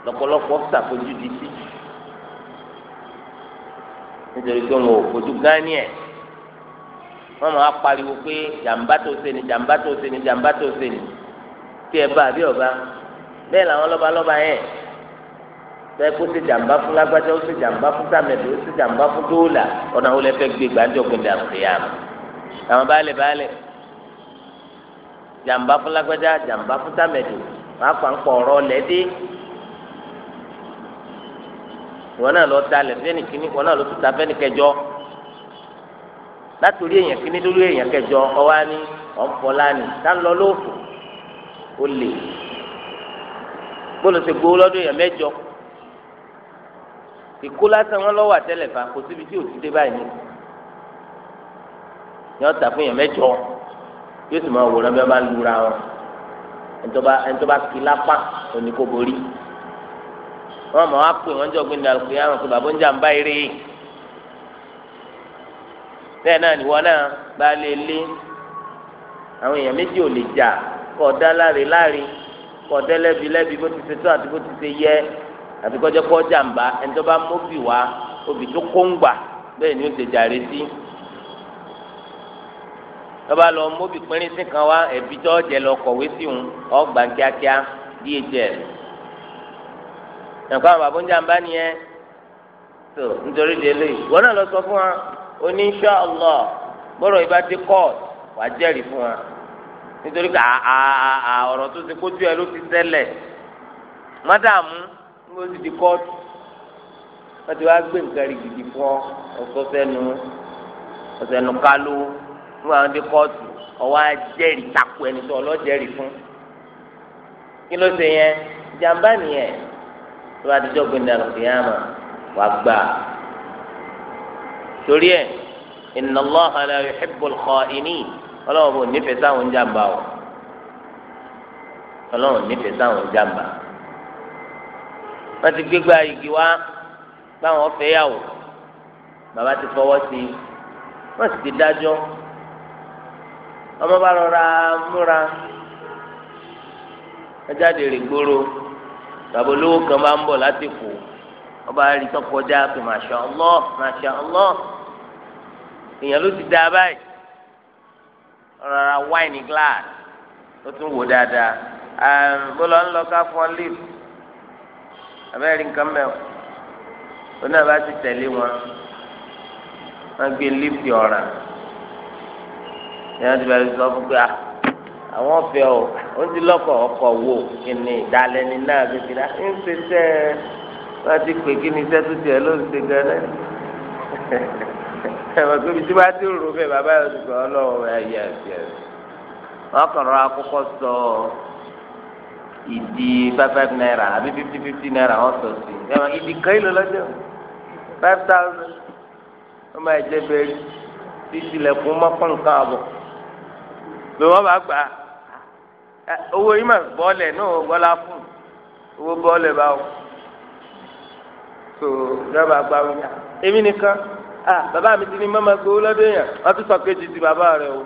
lọ́pọ̀lọpọ̀ ṣàfojú di sí nítorí pé wọn ò fojú gání ẹ̀ wọ́n máa pariwo pé jàǹbá tó ṣe ni jàǹbá tó ṣe ni jàǹbá tó ṣe ni tí ẹ bá àbí ọba bẹ́ẹ̀ làwọn lọ́balọ́ba yẹn tẹ kó ṣe jàmbá fún lágbájá ó ṣe jàmbá fún sàmẹ̀dì ó ṣe jàmbá fún dóòlà ọ̀nà àwọn olùfẹ́ gbé gbàǹjọ́ gbẹ̀dẹ̀ àkùrẹ́yàm àwọn baálẹ̀ baálẹ̀ jàmbá fún lágbájá jàmbá fún sàmẹ̀dì wọn àpà ń pọ̀ ọ̀rọ̀ lẹ́dí wọn náà lọ ta lẹ̀ fẹ́ni kíní wọn náà lọ tún ta fẹ́ni kẹjọ látòrí èèyàn kíní lórí èèyàn kẹjọ ọwá ní ọ̀npọ̀lá ní tá ń lọ lóòfù ó lè gbọ́dọ̀ ṣe gbowó lọ́dún ìkó lásán wọn lọ́wọ́ àtẹlẹ fà kó síbi tí òtún dé báyìí ni wọn tà fún yẹn mẹ́jọ yóò sì máa wòran bí wọn bá lura wọn ẹnitọba ẹnitọba kì í lápá òní kò borí wọn mọ wá pè wọn jọ gbé ní alùpùpù yẹn àwọn kò bàbá ń jà ń bá eré bẹ́ẹ̀ náà nìwọ náà bá lè lé àwọn èèyàn méjì ò lè jà kọ ọdá láre láre kọ ọdẹ lẹ́bi lẹ́bi bó ti ṣe tó àti bó ti ṣe yẹ àfi kọjá kọ jàǹbá ẹni tó bá móbì wá obì tó kóńgbà bẹ́ẹ̀ ni ó ti jàre sí tọ́ba lọ móbì pínrín sí kan wá ẹ̀bí tó jẹ lọ kọ̀wé sí òun ọgbà kíákíá dhl nǹkan àwọn bàbá ń jàǹbá nìyẹn tó nítorí délé ìwọ náà lọ sọ fún wa ó ní Allah bọ́rọ̀ ìbá ti court wàá jẹ́rìí fún wa nítorí ká ọ̀rọ̀ tó ti kójú ẹ ló ti tẹ́lẹ̀ mádàmú mo sì di kóòtù wọ́n ti wá gbé nǹkan rí gidi fún ọ ọ̀sọ́sẹ́nu ọ̀sẹ̀nu kálú fún àwọn dé kóòtù ọwọ́ ajẹ́rìí takò ẹni tó ọlọ́jẹ́rìí fún kí ló ṣe yẹn jàǹbá nìyẹn tó bá dijọ́ gbé ndàlù kìyàmà wàá gbà torí ẹ̀ inna Allaha la yuhibbul kha'inin bò nífẹ̀ẹ́ sáwọn jàǹbá o ọlọ́wọ́ nífẹ̀ẹ́ sáwọn jàǹbá o wọ́n ti gbégbá igi wá báwọn fẹ́ yàwó bàbá ti fọwọ́ sí i wọ́n sì ti dájọ́ ọmọ bá rọra múra ẹjáde rè gbòòrò bàbá olówó kan bá ń bọ̀ láti kù ọba rí tọkọjá pé masha Allah masha Allah èèyàn ló ti dá a báyìí rọra wáìnì glass ó tún wò dáadáa bó ń lọ ká fún ọ líìpù abẹ́rẹ́ nǹkan mẹ́wọ́ oní àbá ti tẹ̀lé wọn wọ́n gbé lífì ọ̀ràn ìyẹn ti bẹ̀rẹ̀ sọ fún pé ah, àwọn ọ̀fẹ́ o ó ti lọ́kọ̀ ọkọ̀ wo kí ni ìdálẹ́ni náà kékeré ń ṣe tẹ́ ẹ wọ́n ti pè kí ni iṣẹ́ tó tiẹ̀ ló ń ṣe gan-an ẹ̀wọ̀n tóbi tí wọ́n ti rò bẹ́ẹ̀ bàbá yóò ti gbọ́ ọ lọ́wọ́ ẹ̀yẹ ẹ̀yẹ wọ́n kàn rọra kọ́kọ́ sọ ọ́ ìdí five five naira àbí fifty fifty naira wọ́n sọ sí ẹ̀wọ̀n ìdí kan ìlú lọ́jọ́ five thousand wọ́n máa jẹ́ bẹ́ẹ̀ títí lẹ́kùn mọ́kàn nǹkan àbọ̀ ló wọ́n bá gbà á owó yìí mà bọ́ọ̀lẹ̀ náà bọ́lá fún owó bọ́ọ̀lẹ̀ báwo tó dábàá gbà wọ́n yà èmi nìkan ah bàbá mi ti ní mọ́mọ́ gbowó lọ́dún yẹn wọ́n ti sọ kejì ti bàbá rẹ o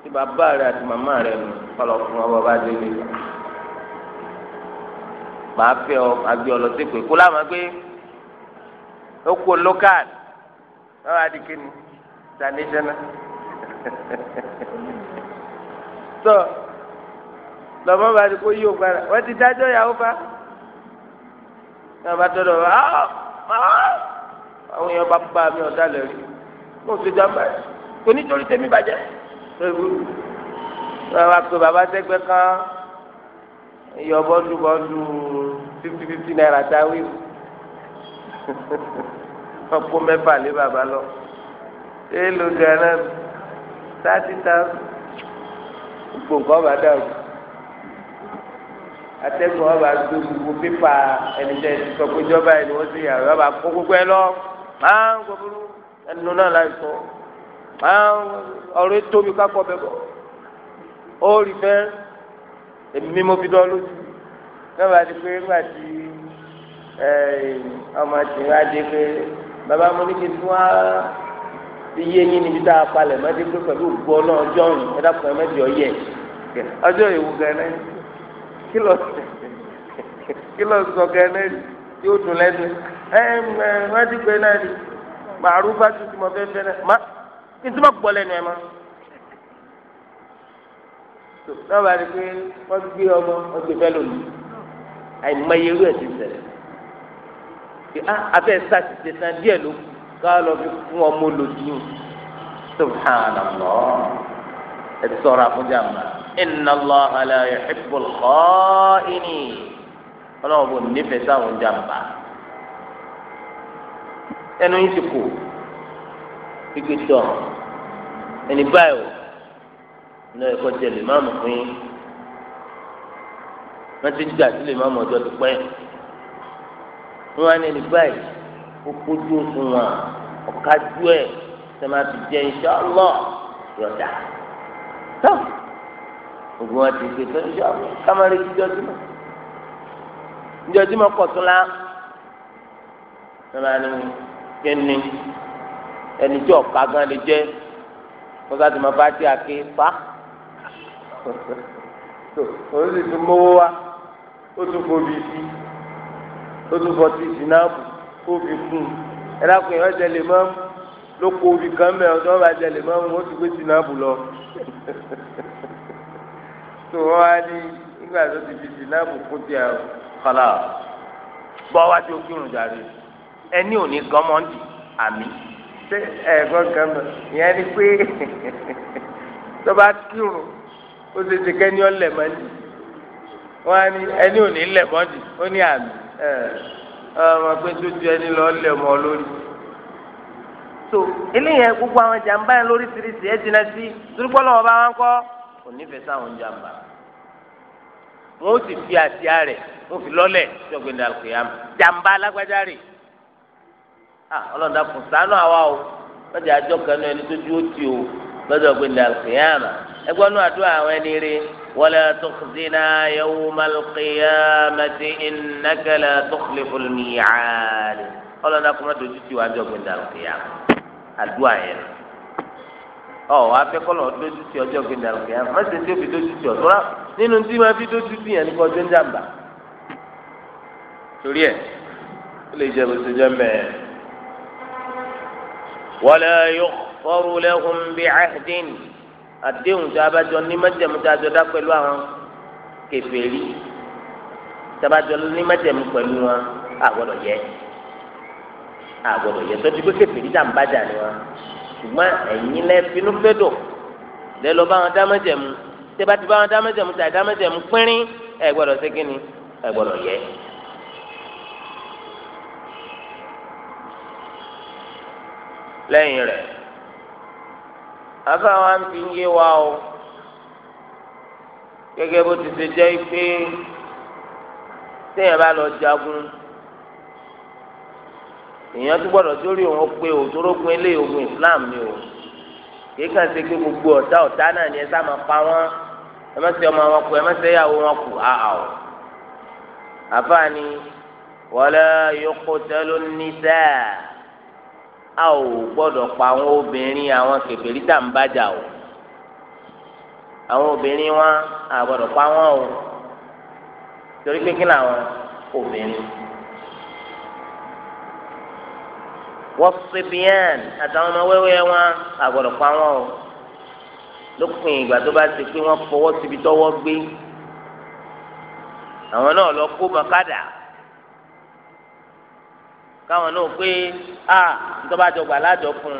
ti bàbá rẹ àti màmá rẹ nù kọlọ̀ fún ọ bàbá délé yẹn màá fẹ́ ọ màá gbé ọ lọ sí pé kó láwọn gbé ó kú local lọ́wọ́ adìgí ni international tó lọ́mọ bá ti kó yí òkú ara wọ́n ti dájọ́ ìyàwó fa náà bá tọ́ lọ́wọ́ àwọn èèyàn bá bá mi ọ̀dà lẹ̀ rí mo fi jàmbá kò nítorí tèmi bàjẹ́ lọ́wọ́ pé bàbá sẹ́gbẹ́ kan iyọ̀ bọ́dú bọ́dú fifty fifty naira táwí ọkọ mẹ́fà lé bàbá lọ èèlò gánà thirty thousand gbogbo nǹkan ọba dàrú atẹ́gùn ọba gbé gbogbo pépà ẹnìtẹ́ ìsọ̀kójọba ẹni wọ́n sì yàrá ọba kó gbogbo ẹ lọ máa ń gbogbo ẹnu náà láì sọ máa ń ọ̀rẹ́ tóbi kápọ̀ bẹ́ẹ̀ bọ̀ ó rí fẹ́ẹ́ èmi mo fi dán lójú lọ́ba di pé nígbà tí ọmọ tí wá dé pé bàbá mo ní kí n tún wá iye yín níbi tá a palẹ̀ mọ́ dé pé pẹ̀lú ògbó náà jọ̀rùn ẹ dákun ẹ mẹ́jọ yẹ ọjọ́ ìwú gan-an kí lọ kí lọ sọ gan-an tí ó dùn lẹ́nu ẹ ẹ wọ́n ti pé náà ni màrúfà tuntun mọ́ fẹ́fẹ́ náà má kí n tún bá gbọ́ lẹ́nu ẹ máa tó lọ́ba ni pé wọ́n ti gbé ọmọ wọ́n ti fẹ́ lónìí àìmọye irú ẹ̀ ti ṣẹlẹ̀ pé á ah, abẹ́ sàtìtì san díẹ̀ ló ká lọ fi fún ọmọ olódìyún subhanallah ẹ sọ̀rọ̀ àfúnjà mọ́ inna Allaha la yuhibbul kha'inin ọlọ́run bò nífẹ̀ẹ́ sáwọn jàǹbá ẹnu yìí ti kù ìgbésọ̀ ẹni báyìí iná ẹ̀kọ́ jẹ lè máàmù fún yín wọ́n ti gbà sí lè máàmù ọjọ́ ti pẹ́ wọ́n á ní ẹni báyìí ó kójú òṣùwọ̀n ọ̀kájú ẹ̀ tẹ́ máa fi jẹ inṣọ́lọ́ yọ̀dà tó ògùn wọn ti gbé tó inṣọ́lọ́ kámárì jíjọ́ dúró ǹjẹ́ ojú ma kọ̀tún la nana ni kíni ẹni tí ọ̀ka gan le jẹ́ kó sáà ti ma bá tí a ké o sì tún mówó wá ó tún fobi sí ó tún fọ tíì sínáàpù kó fi kún un ẹ dákun yẹn ọjà lè máa ló kó obì kan mẹ ọjọ́ bá jẹ lè máa mú ó ti gbé sínáàpù lọ tó wọ́n á ní nígbà tó ti fi sínáàpù kún tiẹ̀ kọ́lá bọ́ wájú òkúrùn jàre ẹni ò ní àmì ṣé ẹ̀gbọ́n kan mọ̀ ìyẹn ni pé tó bá kírun ó ṣe ṣe kẹ́ni ọ̀lẹ̀ mọ́ ni wọ́n á ní ẹni ò ní lẹ̀ mọ́ ó ní àmì ọmọ pé tó ju ẹni lọ lẹ̀ mọ́ lórí. so eléyẹn gbogbo àwọn jàǹbá yẹn lóríṣiríṣi ẹ jìnnà sí turúkọ lọ́wọ́ bá wọn kọ́ kò nífẹ̀ẹ́ sáwọn jàǹbá wọn ó sì fi àṣìá rẹ̀ wọn fi lọ́lẹ̀ sọ́gbìn dàlùkìyàmù jàǹbá alágbájá rè ọlọ́dà kùsànù àwa o lọ́jà àjọkànnú ẹni tó dúró tì o lọ́dọ̀ gbìn dàlùkìyàmù ẹgbẹ́ nu àdúrà àwọn ẹni rí wala tukhzina yawmal qiyamati innaka la tukhliful mi'ad ọlọ́dà kọ́mọ́ dojú ti wá jọ gbẹ̀dẹ̀ àlùkìyàmà àdúrà yẹn ọ afẹ́ kọ́lọ̀ dojú ti ọjọ́ gbẹ̀dẹ̀ àlùkìyàmà mẹ́sẹ̀ tí ó fi dojú ti ọ̀tọ́ra nínú tí máa fi dojú ti yẹn ní kọ́ ọjọ́ torí ẹ̀ ó lè jẹ́ bó ṣe jẹ́ mẹ́ẹ̀. wala yukhfaru lahum bi'ahdin àdéhùn tó abájọ ní májẹ̀mú tó adjọ dá pẹ̀lú àwọn kèfèrí tabajọ ní májẹ̀mú pẹ̀lú wọn àgbọ́dọ̀ yẹ àgbọ́dọ̀ yẹ tó ti pé kèfèrí tá à ń bàjá ni wọn ṣùgbọ́n ẹ̀yin lẹ finú fẹ́ dọ̀ lẹ lọ bá wọn dá májẹ̀mú tẹ́ bá ti bá wọn dá májẹ̀mú tàì dá májẹ̀mú pínrín ẹ gbọ́dọ̀ ni ẹ yẹ. lẹ́yìn rẹ̀ afa wa ń fi yé wa o gẹ́gẹ́ bó ti ṣe jẹ́ pé téèyàn bá lọ jagun èèyàn tó gbọ́dọ̀ sórí òun pé òtórógun eléyìí ogun Islam ni o kìí kàn ṣe pé gbogbo ọ̀tá ọ̀tá náà ni ẹ sá máa pa wọ́n ẹ má ṣe ọmọ wọn kù ẹ má ṣe ìyàwó wọn kù àà o àfa ni wala yuqtalu nisaa a ò gbọ́dọ̀ pa àwọn obìnrin àwọn kèfèrí tá à ń bájà o àwọn obìnrin wọn a gbọ́dọ̀ pa wọn o torí pé kí làwọn obìnrin wọ́n fi bíyàn àtàwọn ọmọ wẹ́wẹ́ wọn a gbọ́dọ̀ pa wọn o lópin ìgbà tó bá ti pé wọ́n fọwọ́ síbi tọ́wọ́ gbé àwọn náà lọ kó mọ́kádà káwọn náà pé a nítorí bá jọ gbà lájọ fún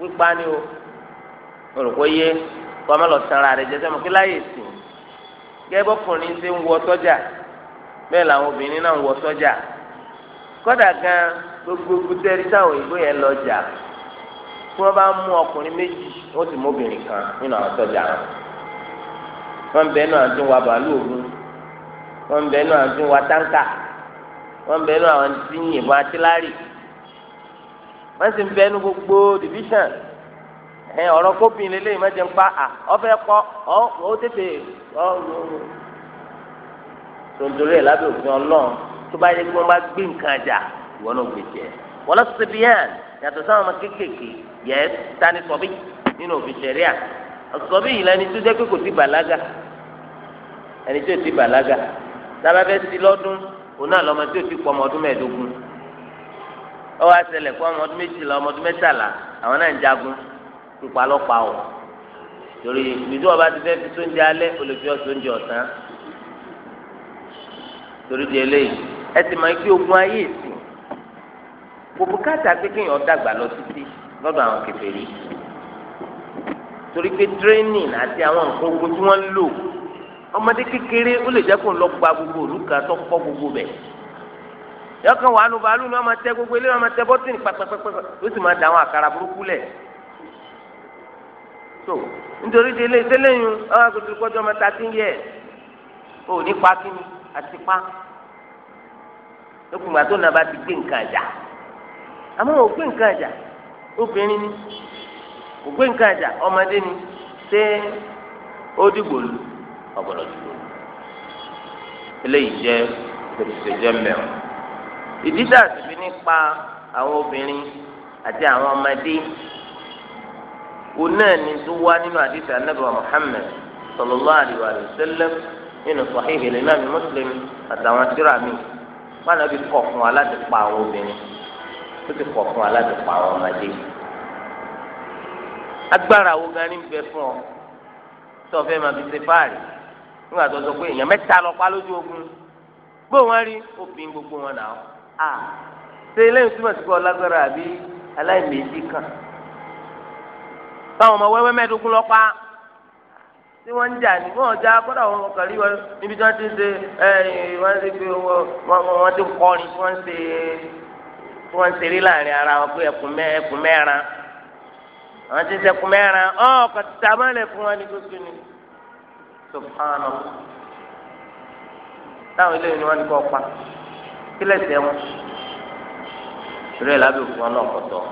un pípa ni o mo rò pé yé kó ọmọ lọ sanra rẹ jẹjẹrẹ mo kí láyè sí i gẹ́gẹ́ bọ́kùnrin ṣe ń wọ sọ́jà bẹ́ẹ̀ làwọn obìnrin náà ń wọ sọ́jà kọ́dà gan gbogbo gutẹ́rì táwọn òyìnbó yẹn lọ jà tí wọ́n bá mú ọkùnrin méjì wọ́n sì mú obìnrin kan nínú àwọn sọ́jà wọn. wọ́n ń bẹ́ẹ̀ náà tún wa bàálù òru wọ́n bẹ́ẹ̀ náà tún wa táǹkà wọ́n bẹ̀rù àwọn tí ń yìnbọn atílárì wọ́n sì ń bẹ̀rù gbogbo division ẹ ọ̀rọ̀ kópin lélẹ́yìn mẹ́jẹ̀ ń pa à ọ̀fẹ́ kọ́ ọ̀ ó tètè ọ̀ tòǹdòrò ẹ̀ lábẹ́ òfin ọlọ́run tó bá yẹ kí wọ́n bá gbé nǹkan jà ìwọ náà gbé jẹ wọ́n lọ sí bí hàn yàtọ̀ sáwọn ọmọ kéékèèké yẹ ẹ́ tani sọ̀bí nínú òfin ṣẹ̀ríà sọ̀bí yìí lẹni tó jẹ́ pé kò ti bàlágà ẹni tó ti bàlágà tábà fẹ́ sí lọ́dún òun náà lọmọ tí ó ti pọ ọmọ ọdún mẹ́ẹ̀ẹ́dógún ó wá ṣẹlẹ̀ pé ọmọ ọdún méjìlá ọmọ ọdún mẹ́tàlá àwọn náà ń jagun pípa lọ́pàá ọ̀ torí ìdí ọba ti fẹ́ fi sóúnjẹ alẹ́ olùfẹ́ sóúnjẹ ọ̀sán torí di eléyìí ẹ ti máa ń kí ogun ayé ìsìn gbogbo káàtà pé kéèyàn dàgbà lọ títí lọ́dọ̀ àwọn kèfèrí torí pé tírénìn àti àwọn nǹkan ogun tí wọ́n lò ọmọdé kékeré ó lè jẹ́ kó lọ gba gbogbo olùkà tó kọ́ gbogbo bẹ̀ yọkàn wà nù bàálù ni wọn máa tẹ gbogbo ilé wọn máa tẹ bọ́tìnì pàpàpàpà ó sì máa da àwọn àkàrà burúkú lẹ̀ tó nítorí àwọn kọjọ́ máa ta yẹ ní pa àti pa bá ti gbé nǹkan àjà àmọ́ ò gbé nǹkan àjà obìnrin ni ò gbé nǹkan ọgbọ́dọ̀ dúró eléyìí jẹ́ pèsè jẹ́ mẹ́rin ìdí dàsí fi nípa àwọn obìnrin àti àwọn ọmọdé òun náà ni tó wá nínú àdìsí anábì wa Muhammad sallallahu alaihi wa sallam nínú sahih al-imam Muslim àtàwọn tírà mi wọn àbí kọ̀ fún wa láti pa àwọn obìnrin ó ti kọ̀ fún wa láti pa àwọn ọmọdé agbára wo gan ni ń bẹ fún ọ tó o fẹ́ máa fi ṣe fáàrí nígbà tó sọ pé èèyàn mẹ́ta lọ pa lójú ogun gbó wọn rí obìnrin gbogbo wọn nà ó à ṣe eléyìí túmọ̀ sí pé ọlágbára àbí aláìmẹ̀ẹ́dì kan báwọn ọmọ wẹ́wẹ́ mẹ́ẹ̀ẹ́dógún lọ pa tí wọ́n ń jà ní wọ́n já kódà wọn kàn rí wọn níbi tí wọ́n ti ń ṣe wọ́n ti fi wọ́n ti kọrin tí wọ́n ṣe tí wọ́n ń ṣeré láàrin ara wọn pé ẹkùn mẹ́ẹ̀ran wọ́n ti ń ṣẹkùn mẹ́ẹ̀ran ọ́ kọ̀tà fún wọn ní gbogbo ni subhanahu táwọn eléyìí ni wọn ní kọ pa kílẹ̀ tẹ wọn torí ẹ̀ lábẹ́ òfin ọlọ́ọ̀ kọ̀tọ̀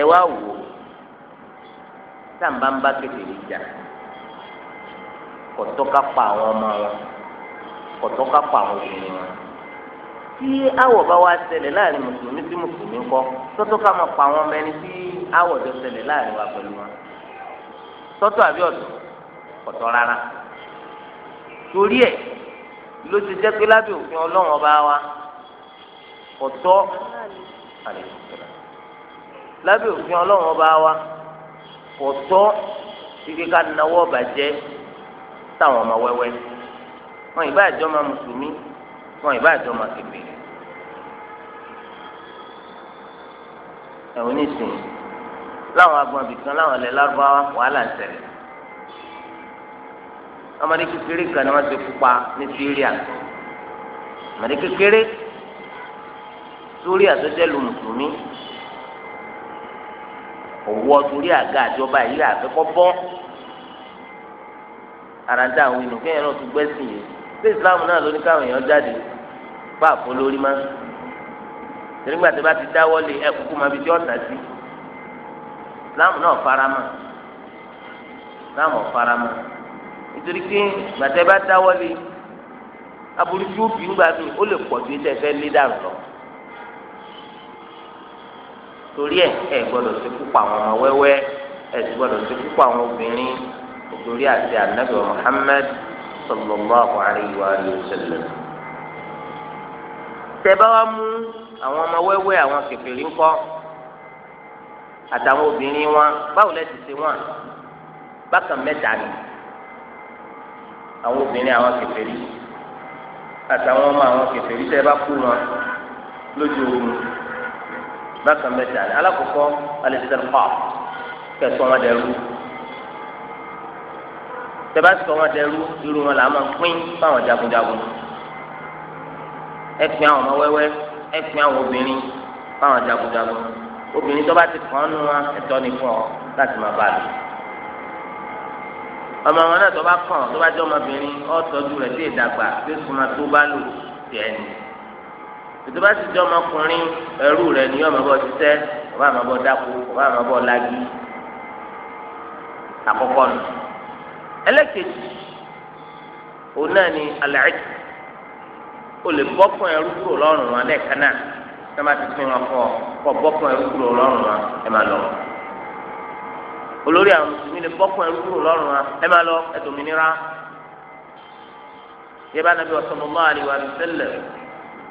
ẹ wá wò ó sáǹbá ń bá kékeré jà kọ̀tọ́ ká pa àwọn ọmọ wọn kọ̀tọ́ ká pa àwọn obìnrin wọn tí awọ̀ bá wá ṣẹlẹ̀ láàrin mùsùlùmí sí mùsùlùmí kọ́ tọ́tọ́ ká máa pa àwọn ọmọ ẹni tí awọ̀ jọ ṣẹlẹ̀ láàrin wa pẹ̀lú wọn tọ́tọ́ àbí ọ̀tọ̀ kọ̀tọ́ rárá torí ẹ̀ ló ti jẹ́ pé lábẹ́ òfin ọlọ́run ọba wa kò tọ́ lábẹ́ òfin ọlọ́run ọba wa kò tọ́ ike ká nawọ́ bàjẹ́ táwọn ọmọ wẹ́wẹ́ wọn ìbá àjọ máa mùsùlùmí wọn ìbá àjọ máa kébèrè ẹ̀wọ̀n nísìnyí láwọn agbọ̀n bìkan láwọn ilẹ̀ lárúbáwá wàhálà ń ṣẹlẹ̀ ọmọdé kékeré kan ni wọ́n ti pupa ní Syria ọmọdé kékeré Syria tó jẹ́ lu mùsùlùmí òwò torí àga àjọba yìí àfẹ́kọ́ bọ́ ara dá àwọn ènìyàn kéèyàn náà tún gbẹ́sìn yìí ṣé Islam náà ló ní káwọn èèyàn jáde bá àpò lórí má nígbà tí bá ti dáwọ́ lé ẹ kúkú máa fi tí ọ̀tá sí Islam náà farama Islam ọ̀ farama nítorí pé gbàtẹ́ bá dáwọ́lé aburú tí ó bí ńgbà mí ó lè pọ̀ ju iṣẹ́ fẹ́ lé dànù lọ. torí ẹ ẹ gbọ́dọ̀ sí púpọ̀ àwọn ọmọ wẹ́wẹ́ ẹ sì gbọ́dọ̀ sí púpọ̀ àwọn obìnrin torí àti ànábì Muhammad sallallahu alayhi wa sallam. tẹ́bá wa mú àwọn ọmọ wẹ́wẹ́ àwọn kèfèrí ńkọ́ àtàwọn obìnrin wọn báwo lẹ́ ti ṣe wọn bákan mẹ́ta ni àwọn obìnrin àwọn kèfèrí àtàwọn ọmọ àwọn kèfèrí tẹ́ bá kú wọn lójú oorun bákan mẹ́ta ni alákòókò alẹsẹ pa kẹsọ wọn dẹrú tẹ́ bá sọ wọn dẹrú irú wọn làá máa pín fáwọn jagunjagun ẹ pín àwọn ọmọ wẹ́wẹ́ ẹ pín àwọn obìnrin fáwọn jagunjagun obìnrin tó bá ti kàn án nu wọn ẹ̀tọ́ ni fún ọ láti máa bá a lò ọmọ wọn náà tó bá kàn tó bá jẹ́ ọmọbìnrin ọ̀tọ́jú rẹ̀ sí ìdàgbà tó súnmọ́ tó bá lò tiẹ̀ ni tó bá sì jẹ́ ọmọkùnrin ẹrú rẹ̀ ni ọmọ bọ́ ṣiṣẹ́ ọba àmọ́ bọ́ dáko ọba àmọ́ bọ́ lági àkọ́kọ́ nù ẹlẹ́kejì òun náà ni alẹ́ẹ̀kì o lè bọ́kùn ẹrú kúrò lọ́rùn wọn lẹ́ẹ̀kan náà ẹ má ti pín wọn fọ kọ bọ́kùn ẹrú kúrò lọ́rùn wọn ẹ má lọ́rùn olórí àwọn mùsùlùmí lè bọ́kùn ẹrú kúrò lọ́rùn wa ẹ máa lọ ẹ dòmìnira yẹ bá nàbí sallallahu alaihi wa sallam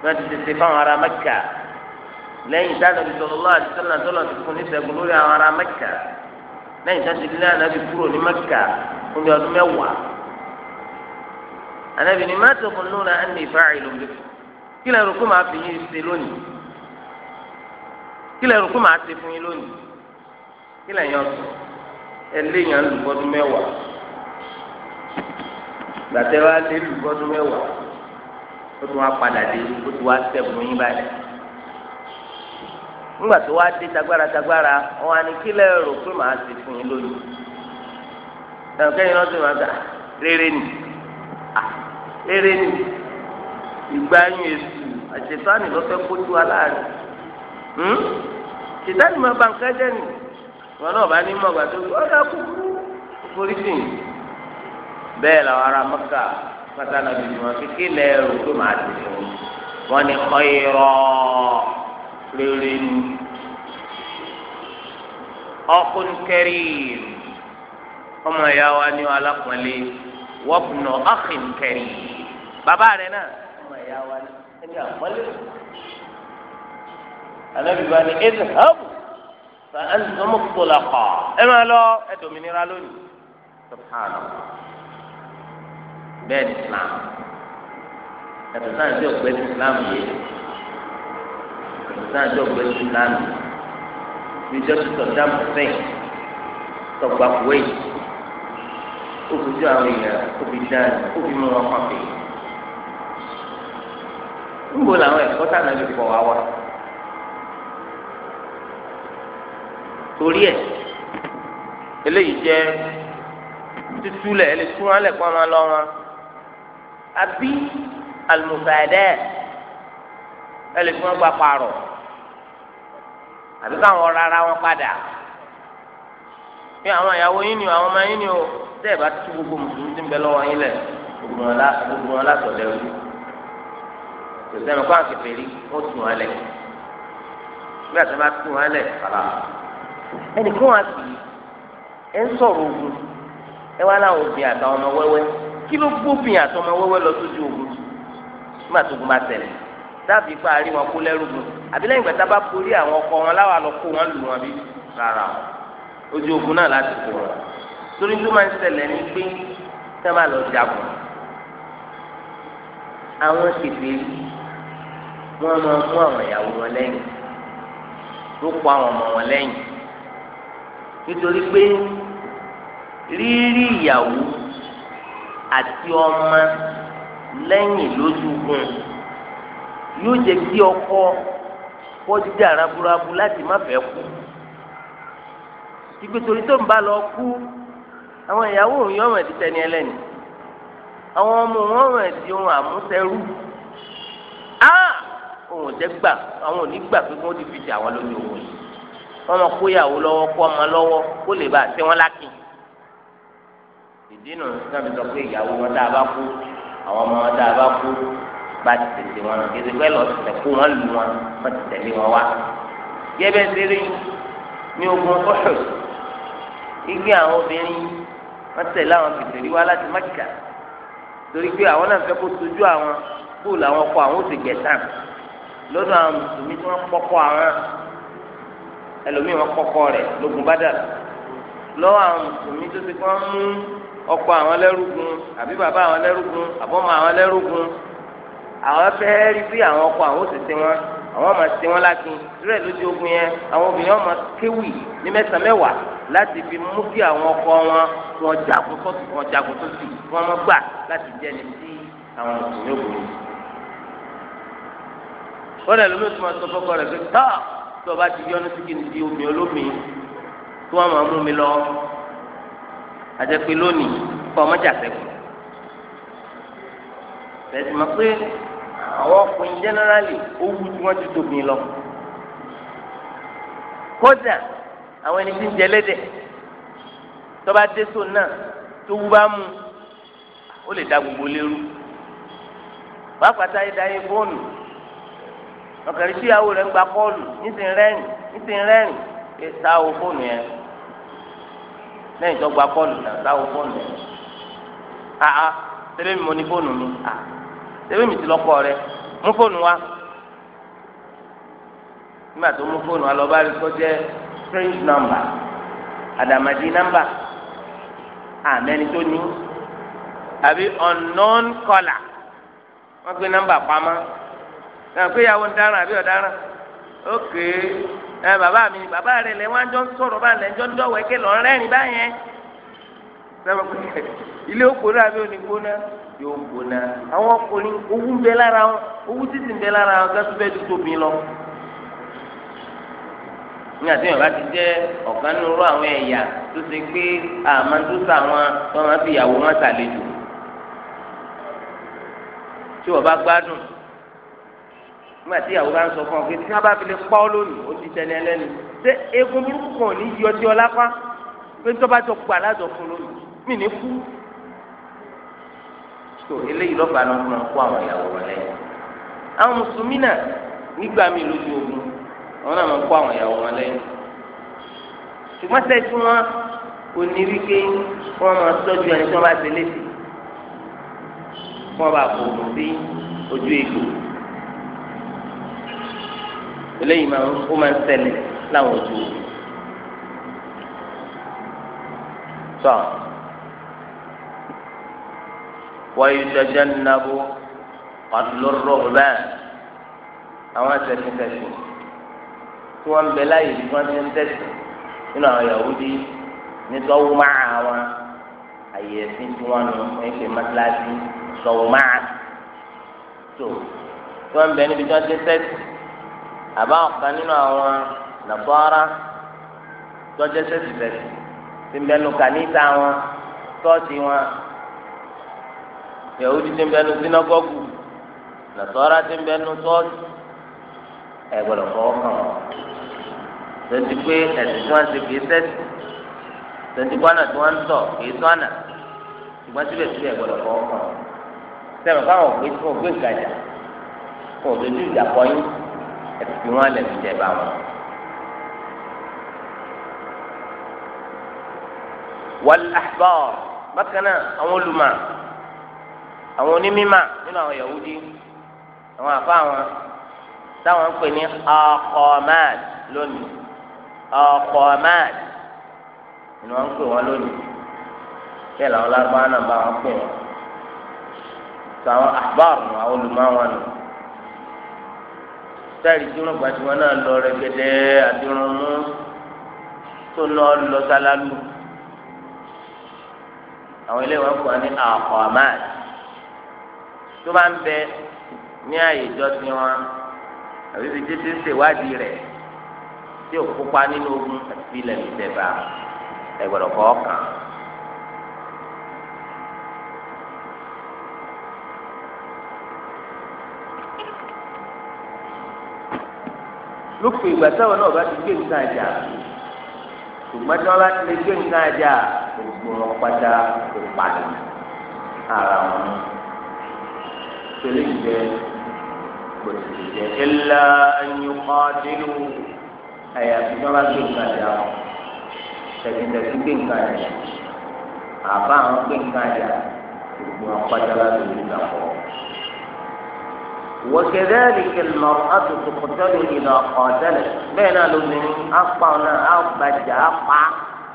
wọn ti tètè fáwọn ará Mẹ́kà lẹ́yìn tá nàbí sallallahu alaihi wa sallam tọ́lọ̀ ti fún níṣẹ́gun lórí àwọn ará Mẹ́kà lẹ́yìn tá ti dílé ànábì kúrò ní Mẹ́kà fún bí ọdún mẹ́wàá ànábì ni má tó kún ẹlẹ́yìn alùpọ̀dún mẹ́wàá gbàtẹ́ wa lé alùpọ̀dún mẹ́wàá ó tún wá padà dé ó tún wá sẹ́gun yín báyìí nígbà tó wá dé tagbára tagbára wọn á ní kí lẹ́ rò pé màá sì fún yín lónìí ẹ̀rọ kẹ́yìn náà sì máa ah, rere nì ah, rere nì ìgbà yín èsù àṣetánì lọ́fẹ́ kójú aláàrẹ̀ hmm? ṣètánì máa ba nǹkan jẹ́ wọn náà bá ní mọ̀gbà tó fi ọ̀dà kú polisi bẹ́ẹ̀ làwọn ará mọ́kà pátá náà bìbí wọn fi kí lẹ́ẹ̀rù tó máa ti fún wọn ní ọ̀yọ̀ rere ni ọkùnrin kẹrì ọmọ ìyá wa ní alákùnrin wọ́pùnà ọ̀hìn kẹrì bàbá rẹ̀ náà ọmọ ìyá wa ní ẹni àpọ́nlé anábìbá ni ẹ̀dùn hàbù fa antum mutlaqa ẹ máa lọ ẹ dòmìnira lónìí subhanahu bẹ́ẹ̀ ni islam ẹ̀sùn náà tí òpè ti islam yìí ẹ̀sùn náà tí òpè ti islam yìí bí jọ́sí sọ̀dám hussein tọ̀gbà kuwait ó àwọn èèyàn ó fi dáná mú wọn pàpè. ń bo làwọn ẹ̀kọ́ tànà lè fọ wá wá. torí ẹ̀ eléyìí jẹ́ tútúlẹ̀ ẹ lè tún wọn lẹ̀ kó wọn lọ wọn àbí àlùmùsàdẹ́ ẹ lè tún wọn gba àbí káwọn rárá wọn padà bí àwọn ìyàwó yín ni àwọn ọmọ yín ni o tẹ́ ẹ bá tú gbogbo mùsùlùmí ti ń bẹ lọ́wọ́ yín lẹ̀ gbogbo wọn lásọ̀dẹ̀ rú tòsẹ́mi kó àkẹ́fẹ́ rí ó tún wọn lẹ̀ bí àti bá tún wọn lẹ̀ ẹnìkan wà sí ẹ ń sọ̀rọ̀ ogun ẹ wá láwọn obìnrin àtàwọn ọmọ wẹ́wẹ́ kí ló gbóbìnrin àtàwọn ọmọ wẹ́wẹ́ lọ sójú ogun nígbà tó gun bá tẹ̀lé dábì ipá rí wọn kó lẹ́rùgùn àbí lẹ́yìn gbàtà bá borí àwọn ọkọ wọn láwa lọ kó wọn lù wọn bí rárá o ojú ogun náà láti kó wọn torí tó máa ń ṣẹlẹ̀ ní pé tẹ́ máa lọ jagun àwọn kèfèrí wọn máa mú àwọn ìyàwó wọn lẹ́yìn ló kó àwọn ọmọ wọn lẹ́yìn nítorí pé rírí ìyàwó àti ọmọ lẹ́yìn lójúkun yóò jẹ́ kí ọkọ kọjá arábúrábú láti má fẹ́ kú ìgbésòrí tó ń bá lọ kú àwọn ìyàwó òun yọ̀ọ̀mọ̀ ẹ̀dí tẹni ẹlẹ́ni àwọn ọmọ òun ọ̀rọ̀ ẹ̀dí ohun àmúṣẹrú á òun jẹ́ gbà àwọn òní gbà pé wọ́n ti fi jà wọ́n lójú òun yìí wọn mọ kó yàwó lọ́wọ́ kó ọmọ lọ́wọ́ kó lè bá àti wọn lákì ìdínà sábì sọ pé ìyàwó wọn dá a bá kú àwọn ọmọ wọn dá a bá kú bá ti tètè wọn lọ kéde pẹ́ lọ tẹ̀ kó wọn lù wọn wọn ti tẹ̀lé wọn wá. yẹ́bẹ̀ sẹ́rí ní ogun ọ̀hún igi àwọn obìnrin wọn tẹ̀lé àwọn kìtìrí wá láti mákìkà torí pé àwọn náà fẹ́ kó tójú àwọn kóòlù àwọn ọkọ àwọn ó sì lọ́dọ̀ àwọn mùsùlùmí tí wọ́n pọ́kọ́ ẹlòmíì wọn kọ́kọ́ rẹ̀ lógun bàdà lọ́wọ́ àwọn mùsùlùmí tó ti kọ́ mú ọkọ àwọn lẹ́rùgùn àbí bàbá àwọn lẹ́rùgùn àbọ̀mọ àwọn lẹ́rùgùn àwọn fẹ́ẹ́ rí bí àwọn ọkọ àwọn òṣìṣẹ wọn àwọn ọmọ ṣe wọn lákin rẹ lójú ogun yẹn àwọn obìnrin ọmọ kéwì ní mẹ́sàn mẹ́wàá láti fi mú kí àwọn ọkọ wọn wọn jagun tó wọn jagun tó sì wọn mọ gbà láti jẹ ní sí àwọn mùsùlùmí ògùn yìí. wọ́n lè lómi tó máa sọ fọ́kọ rẹ̀ pé tọ́ọ̀ tí ọba ti yọ́nú sí kí n di omi olómi tí wọ́n máa mú mi lọ àjẹpẹ́ lónìí kọ́ ọmọdé àtẹ̀kù. bẹ́ẹ̀ sì mọ̀ pé àwọn ọkùnrin jẹ́nẹ́rálì ó wú tí wọ́n ti tóbi lọ. kódà àwọn ẹni tí ń jẹ lẹ́dẹ̀ tọ́ba dé so náà tó wú bá mú ó lè da gbogbo lérú. wàá pàtàkì dáyé fóònù ọkàn rí síyàwó rẹ̀ ń gba kọ́ọ̀lù nísìnyí rẹ́rìn nísìnyí rẹ́rìn ẹ sáwó fóònù yẹn lẹ́yìn tó gba kọ́ọ̀lù náà sáwó fóònù yẹn àá tẹ́lẹ̀ mi mo ní fóònù mi à tẹ́lẹ̀ mi ti lọ́kọ rẹ mú fóònù wa nígbà tó mú fóònù wa lọ bá rí kó jẹ́ strange number àdàmàdì number àmẹ́ni tó ní àbí unknown caller wọ́n gbé nọ́mbà pamọ́ pé ìyàwó ń dáràn àbí ọ̀daràn ok ẹ bàbá mi bàbá rẹ lẹ wọn jọ ń sọ̀rọ̀ bá lẹ jọ ń dọwọ ẹkẹ lọ rẹ́rìn báyẹn ilé òkúrò àbí onígbóná yóò gbóná àwọn ọkùnrin owó ń bẹ lára wọn owó títì ń bẹ lára wọn gẹ́gẹ́ bẹ́ẹ̀ tó tóbi lọ ní àtẹ̀yìn bá ti jẹ́ ọ̀kan nínú àwọn ẹ̀yà tó ṣe pé àmọ́ tó tó wọn fi ìyàwó wọn sàlejò tí wọ́n bá gbádùn nígbà tí ìyàwó bá ń sọ fún ọ pé tí wọn bá fi lè pa ọ lónìí ó ti tẹ̀lé ẹlẹ́nu ṣé egun burúkú kan ò ní yọ ọtí ọlápá pé tó bá jọ gbà lájọ fún lónìí mí ní kú. tó eléyìí lọ́ba náà fún ọ kó àwọn ìyàwó rẹ lẹ́yìn. àwọn mùsùlùmí náà nígbà mi lójú ogun àwọn náà máa kó àwọn ìyàwó wọn lẹ́yìn. ṣùgbọ́n sẹ́yìn tí wọ́n ò ní rí pé wọ́n máa tọ́jú ẹni tí wọ́n bá eléyìí máa ó máa ń ṣẹlẹ̀ láwọn ojú tọ wáyé jẹjẹ nnabó ọdúnlọrọ ọbẹ àwọn ẹsẹkẹsẹkẹ tí wọn bẹ láyé tí wọn ti ń tẹsí nínú àwọn Yahudi nítorí máa wọn àyè ẹsìn tí wọn nù wọn ṣe mọtíláṣí sọwọ máa tó tí wọn bẹ níbi tí wọn ti ń tẹsí àbá ọ̀kan nínú àwọn nàfọ́ara tọ́jú ẹsẹ̀ tìbẹ̀rẹ̀ ti mẹ́nu kàníta wọn tọ́ọ̀tì wọn yahudi ti mẹ́nu sinagogu nàfọ́ara ti mẹ́nu tọ́ọ̀tì ẹ̀ gbọ́dọ̀ fọwọ́ kàn wọ́n tẹ̀sí pé ẹ̀sìn tí wọ́n ti fi sẹ́sì tẹ̀sí pé ọ̀nà tí wọ́n ń tọ̀ kì í tọ́ ọ̀nà ṣùgbọ́n síbẹ̀síbẹ̀ gbọ́dọ̀ fọwọ́ kàn sẹ́wọ̀n káwọn ògbé nǹkan ìjà kò dojú ìjà kọ́ ẹ̀fì wọn lẹ̀ fi jẹba wọn. wal-ahbar bákan náà àwọn olùmọ̀ àwọn onímímà nínú àwọn Yahudi àwọn àfa wọn táwọn ń pè ní akọmad lónìí akọmad ni wọn ń pè wọn lónìí bẹ́ẹ̀ làwọn lárúbáwá náà bá wọn pè wọn tó àwọn ahbar nù àwọn olùmọ̀ wọn nù táyì tí wọn gbàtí wọn náà lọ rẹgẹdẹ àdìrúnmú tó náà lọ sálálù àwọn ilé wọn kọ ní àkọọmáà tó bá ń bẹ ní àyè ìjọsìn wọn àbí ibi títí ń ṣèwádìí rẹ tí ò kópa nínú ogun àti ilẹ̀ ìjẹba ẹgbẹ̀rún kọ̀ọ̀kan. lópin ìgbà táwọn náà bá ti gbé nǹkan àjà ṣùgbọ́n tí wọ́n bá ti lè gbé nǹkan àjà gbogbo wọn pátá kò pàdé ara wọn tẹ́lẹ̀ jẹ́ gbòdìdì jẹ́ ẹ̀la ẹ̀yìnkọ́dínlù àyàfi tí wọ́n bá gbé nǹkan àjà wọn tẹ̀síntẹ̀sí gbé nǹkan àjà àbá àwọn gbé nǹkan àjà gbogbo wọn pátá láti lè gbà pọ̀. وكذلك المرأة تقتل إذا قاتلت بين لبنان أقبلنا أقبج أقع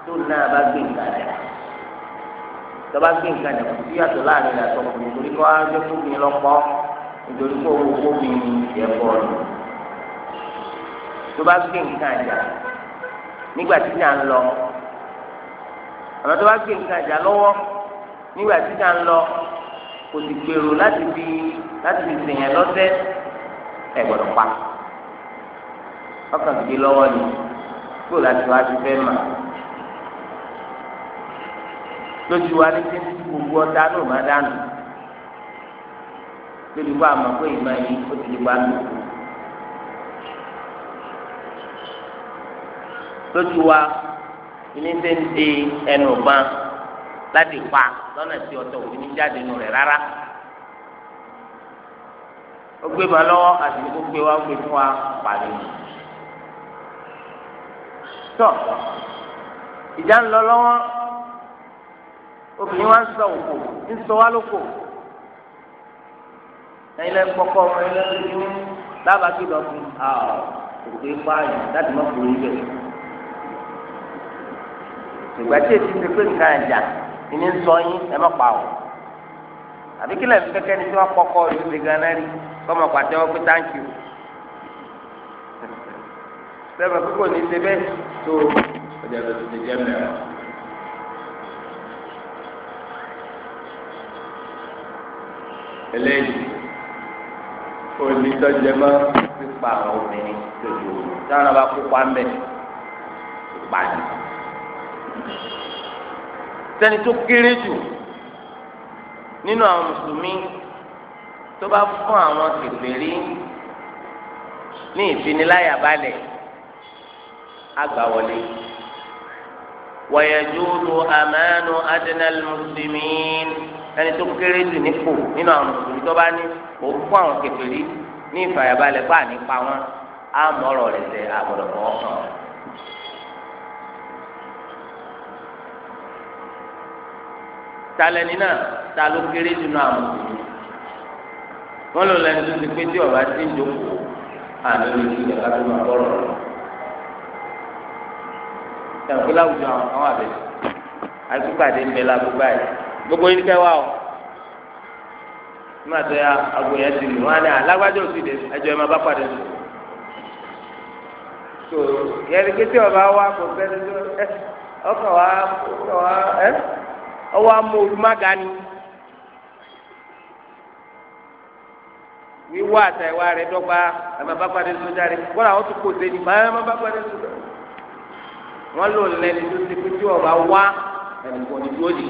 تنا بقين كذا tọba gbé nǹkan dẹ̀ kò síyàtọ̀ láàrin ìyàtọ̀ kò nítorí kó ajọ kó mi lọ́pọ̀ nítorí kó owó kó mi yẹ bọ́ọ̀lù tọba gbé nǹkan dẹ̀ nígbà tí nà ń lọ àmọ́ tọba gbé nǹkan dẹ̀ lọ́wọ́ nígbà tí nà ń lọ kò sì gbèrò láti fi láti fi sìn yẹn lọ́sẹ̀ ẹ̀ gbọ́dọ̀ pa ọkàn gbé lọ́wọ́ ni kó láti wá ti fẹ́ mà lójú wa ní sẹ́ni tí gbogbo ọ̀tá ló má dànù lórí wa mọ̀ pé ìmọ̀ yìí ó ti di wa lò lójú wa ní sẹ́ni tí ẹnu gbọ́n láti pa lọ́nà tí ọ̀tọ̀ òfin jáde nù rẹ̀ rárá. ó gbé ma lọ́wọ́ àti ó gbé wa gbé fún wa pàdé. tọ́ ìjà ń lọ lọ́wọ́ obìnrin wa ń sọ òkò ń sọ wá lóko ẹ̀yin lẹ́ kọ́kọ́ ọmọ ẹ̀yin lẹ́ kí wọ́n dábàá kí lọ́ọ́ fi òkè pààyàn láti má kúrò níbẹ̀. ìgbà tí èsì ti pé nǹkan àjà ìní ń sọ yín ẹ má pa o àbí kílẹ̀ fi kẹ́kẹ́ ni tí wọ́n kọ́kọ́ ìlú ti gan náà rí kọ́mọ pàtẹ́wọ́ pé thank you sẹ́fẹ̀ púpọ̀ ní ṣe bẹ́ẹ̀ tó ọjà tó ti jẹ́ mẹ́rin. eléyìí olùdíjọ́ jẹ mọ́ pípa àwọn obìnrin lójú omi táwọn bá kópa ń bẹ̀ pàdé sẹ́ni tó kéré jù nínú àwọn mùsùlùmí tó bá fún àwọn kèfèrí ní ìfiniláyàbalẹ̀ agbawọlé wọ̀yẹ̀dúró àmánú adínàl mùsùlùmí ẹni tó kéré jù nípò nínú àwọn mùsùlùmí tó bá ní òun fún àwọn kèfèrí ní ìfàyàbalẹ̀ fún ànípa wọn á mọ̀ọ́rọ̀ rẹ̀ sẹ́ àbọ̀dọ̀ fọ́ hàn. talẹni náà ta ló kéré jù náà mọ wọn lò lẹni tó ti pé tí ọba ti ń jókòó àná lè fi ìjọba tó máa bọrọ lọ ẹnìkó láwùjọ àwọn àbẹ àtúpàdé ń bẹ lágbógbá yìí gbogbo yín kẹ o nígbà tó yà àgbo yẹn ti lù wọn àná alágbájọ òsì dé ẹjọ ẹ máa bá padà sùn tó yẹn ni kété ọba wa kò fẹ́ ẹ ọkàn wa ọkàn wa ẹ ọwọ́ amóorumága ni wíwá àtàwá rẹ dọ́gba ẹ̀ma bá padà sójà rẹ kọ́lá wọn tún kó sẹ́ni bá ẹ̀ma bá padà sójà rẹ wọn lò lẹ́ni tó ti pété ọba wá ẹnì kan ní dúró di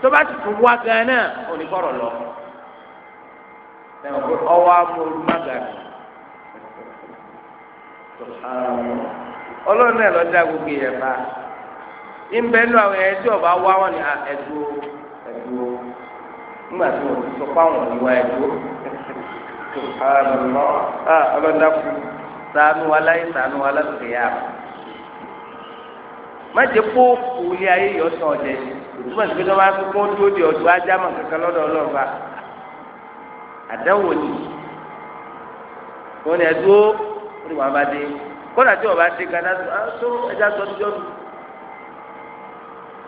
tó bá ti tún wá gan náà oníkọ̀rọ̀ lọ ọwọ́ amóorumága ni ọlọ́run náà lọ́jà gbogbo yẹn bá ìmbẹ́nu àwọn ẹ̀yẹ tí ọba wá wọn ni ẹ̀dúró ẹ̀dúró nígbà tí wọ́n ti sọ pé àwọn ìwà ẹ̀dúró subhanallah ah ọlọ́dàkú ṣàánú wa láyé ṣàánú wa lọ́sẹ̀ yá má jẹ́ kó kú ilé ayé yọ sàn ọ̀dẹ̀ ìtumọ̀ sí pé tó bá fi kó dúró di ọ̀dọ̀ ajá mọ̀ kankan lọ́dọ̀ ọlọ́ọ̀ba àdáwò ni wọ́n ni ẹ̀dúró wọ́n ni wọ́n bá dé kódà tí wọ́n bá dé gàdá tó ẹja sọ ọdún jọ́nu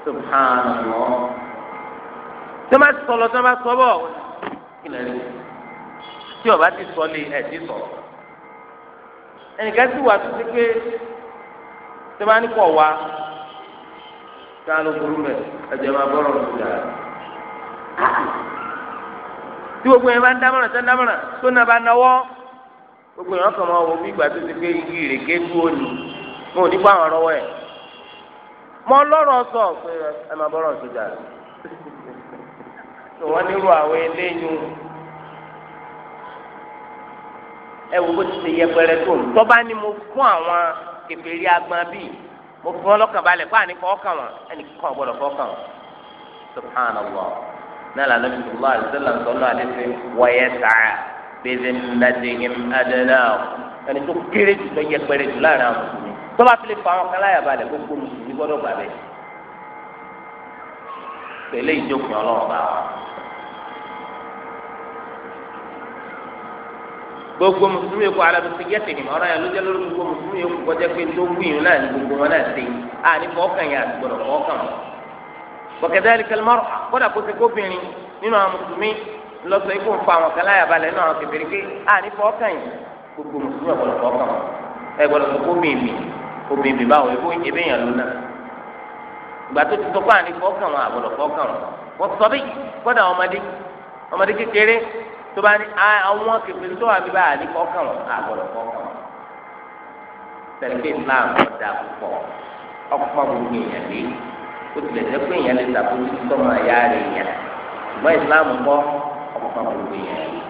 subhanallah tí wọn bá sọlọ tí wọn bá sọ bọ tí wọn bá ti sọlé ẹ ti sọ̀rọ̀ ẹnìkan sì wà títí pé tí wọn bá ní kọ wá tí wọn lọ burú mẹ ẹjẹ máa bọrọ lọ sí ara tí gbogbo yẹn bá ń dámọ̀ràn tó ń dámọ̀ràn tó náà bá náwó gbogbo yẹn kàn máa wọ bí ìgbà tó ti pé igi ìrèké dúró ni wọn ò ní kó àwọn ọ̀rọ̀ wẹ̀ mọ lọ́rọ̀ sọ pé ẹ máa bọ́rọ̀ sójà rẹ̀ wọ́n nírú àwọn eléyìn ẹ wo bó ti ṣe yẹpẹrẹ tó tọ́ba ni mo fún àwọn kẹfẹ́rí agbọn bíi mo fún wọn lọ́kàn balẹ̀ fún àníkọ́ ọkàn wọn ẹnìkan gbọ́dọ̀ fọ́ ọkàn wọn subhanallah náà lànà bí sùgbọ́n àdìsẹ́lẹ̀ ń sọ́nà àdìsẹ́ wọ́yẹ sàá bẹ́ẹ̀ ní nàdìhìn adẹ́nà ẹni tó kéré jù lọ yẹpẹrẹ jù láàrin àwọn tọ́ba fi lè fa àwọn kaláyà balẹ̀ gbogbo mùsùlùmí gbọ́dọ̀ gbà bẹ́ẹ̀ pẹ̀lú ìjókòó ọlọ́run bá wọn. gbogbo mùsùlùmí kọ alẹ́ tuntun yẹ tẹ̀lé ọ̀rọ̀ yẹn ló jẹ́ lórí gbogbo mùsùlùmí yẹ kó kọjá pé tó gbìyànjú náà ní gbogbo wọn náà sẹ́yìn a ní kọ́ọ̀kan yẹn àti gbọ́dọ̀ kọ́ọ̀kan wọn. bọ̀kẹ́dẹ́ alikẹ́lẹ́mọ́rọ̀ kódà kó ti ikú ń fa àwọn kaláyà balẹ̀ nínú àwọn kẹfẹ́rẹ́ pé a ní kọ́ọ̀kan yẹn gbogbo mùsùlùmí ọ̀gbọ̀dọ̀ kọ́ọ̀kan wọn ẹ gbọ́dọ̀ sọ fún mímì fún mímì báwo ẹ fún ebe yàn lónà ìgbà tó ti sọ fún àní fọkàn wọn àbọ̀dọ̀ fọkàn wọn wọ́n sọ bí kọ́dà ọmọdé ọmọdé kékeré tó bá ní àwọn kékeré tó wà bí àní fọkàn wọn àbọ̀dọ̀ fọkàn wọn tẹ̀lé Islam ọ̀dà púpọ̀ ọ̀pọ̀ gbogbo èèyàn lé ó tilẹ̀ jẹ́ pé èèyàn lè tàbí sọ́mọ ayá rẹ̀ yàn Islam kọ́ ọ̀pọ̀ gbogbo èèyàn lé.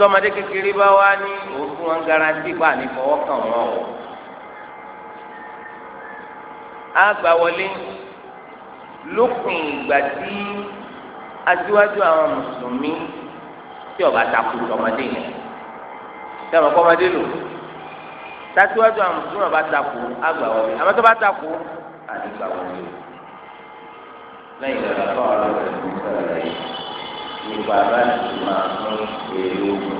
tọmọdé kékeré bá wá ní òun fún wọn garanti bá ní fọwọ́ kàn wọ́n o á gbà wọlé lópin ìgbà tí aṣíwájú àwọn mùsùlùmí tí ọba takò tọmọdé yẹn tẹmọ kọmọdé lò tasiwaju àwọn mùsùlùmí ọba takò àgbà wọlé àmọ́ tó bá takò àdìgbà wọlé lẹ́yìn ìdàgbàsọ ọ̀rọ̀ rẹ̀ ní sọ̀rọ̀ yìí. Yorùbá bá ti máa fún èrè ogun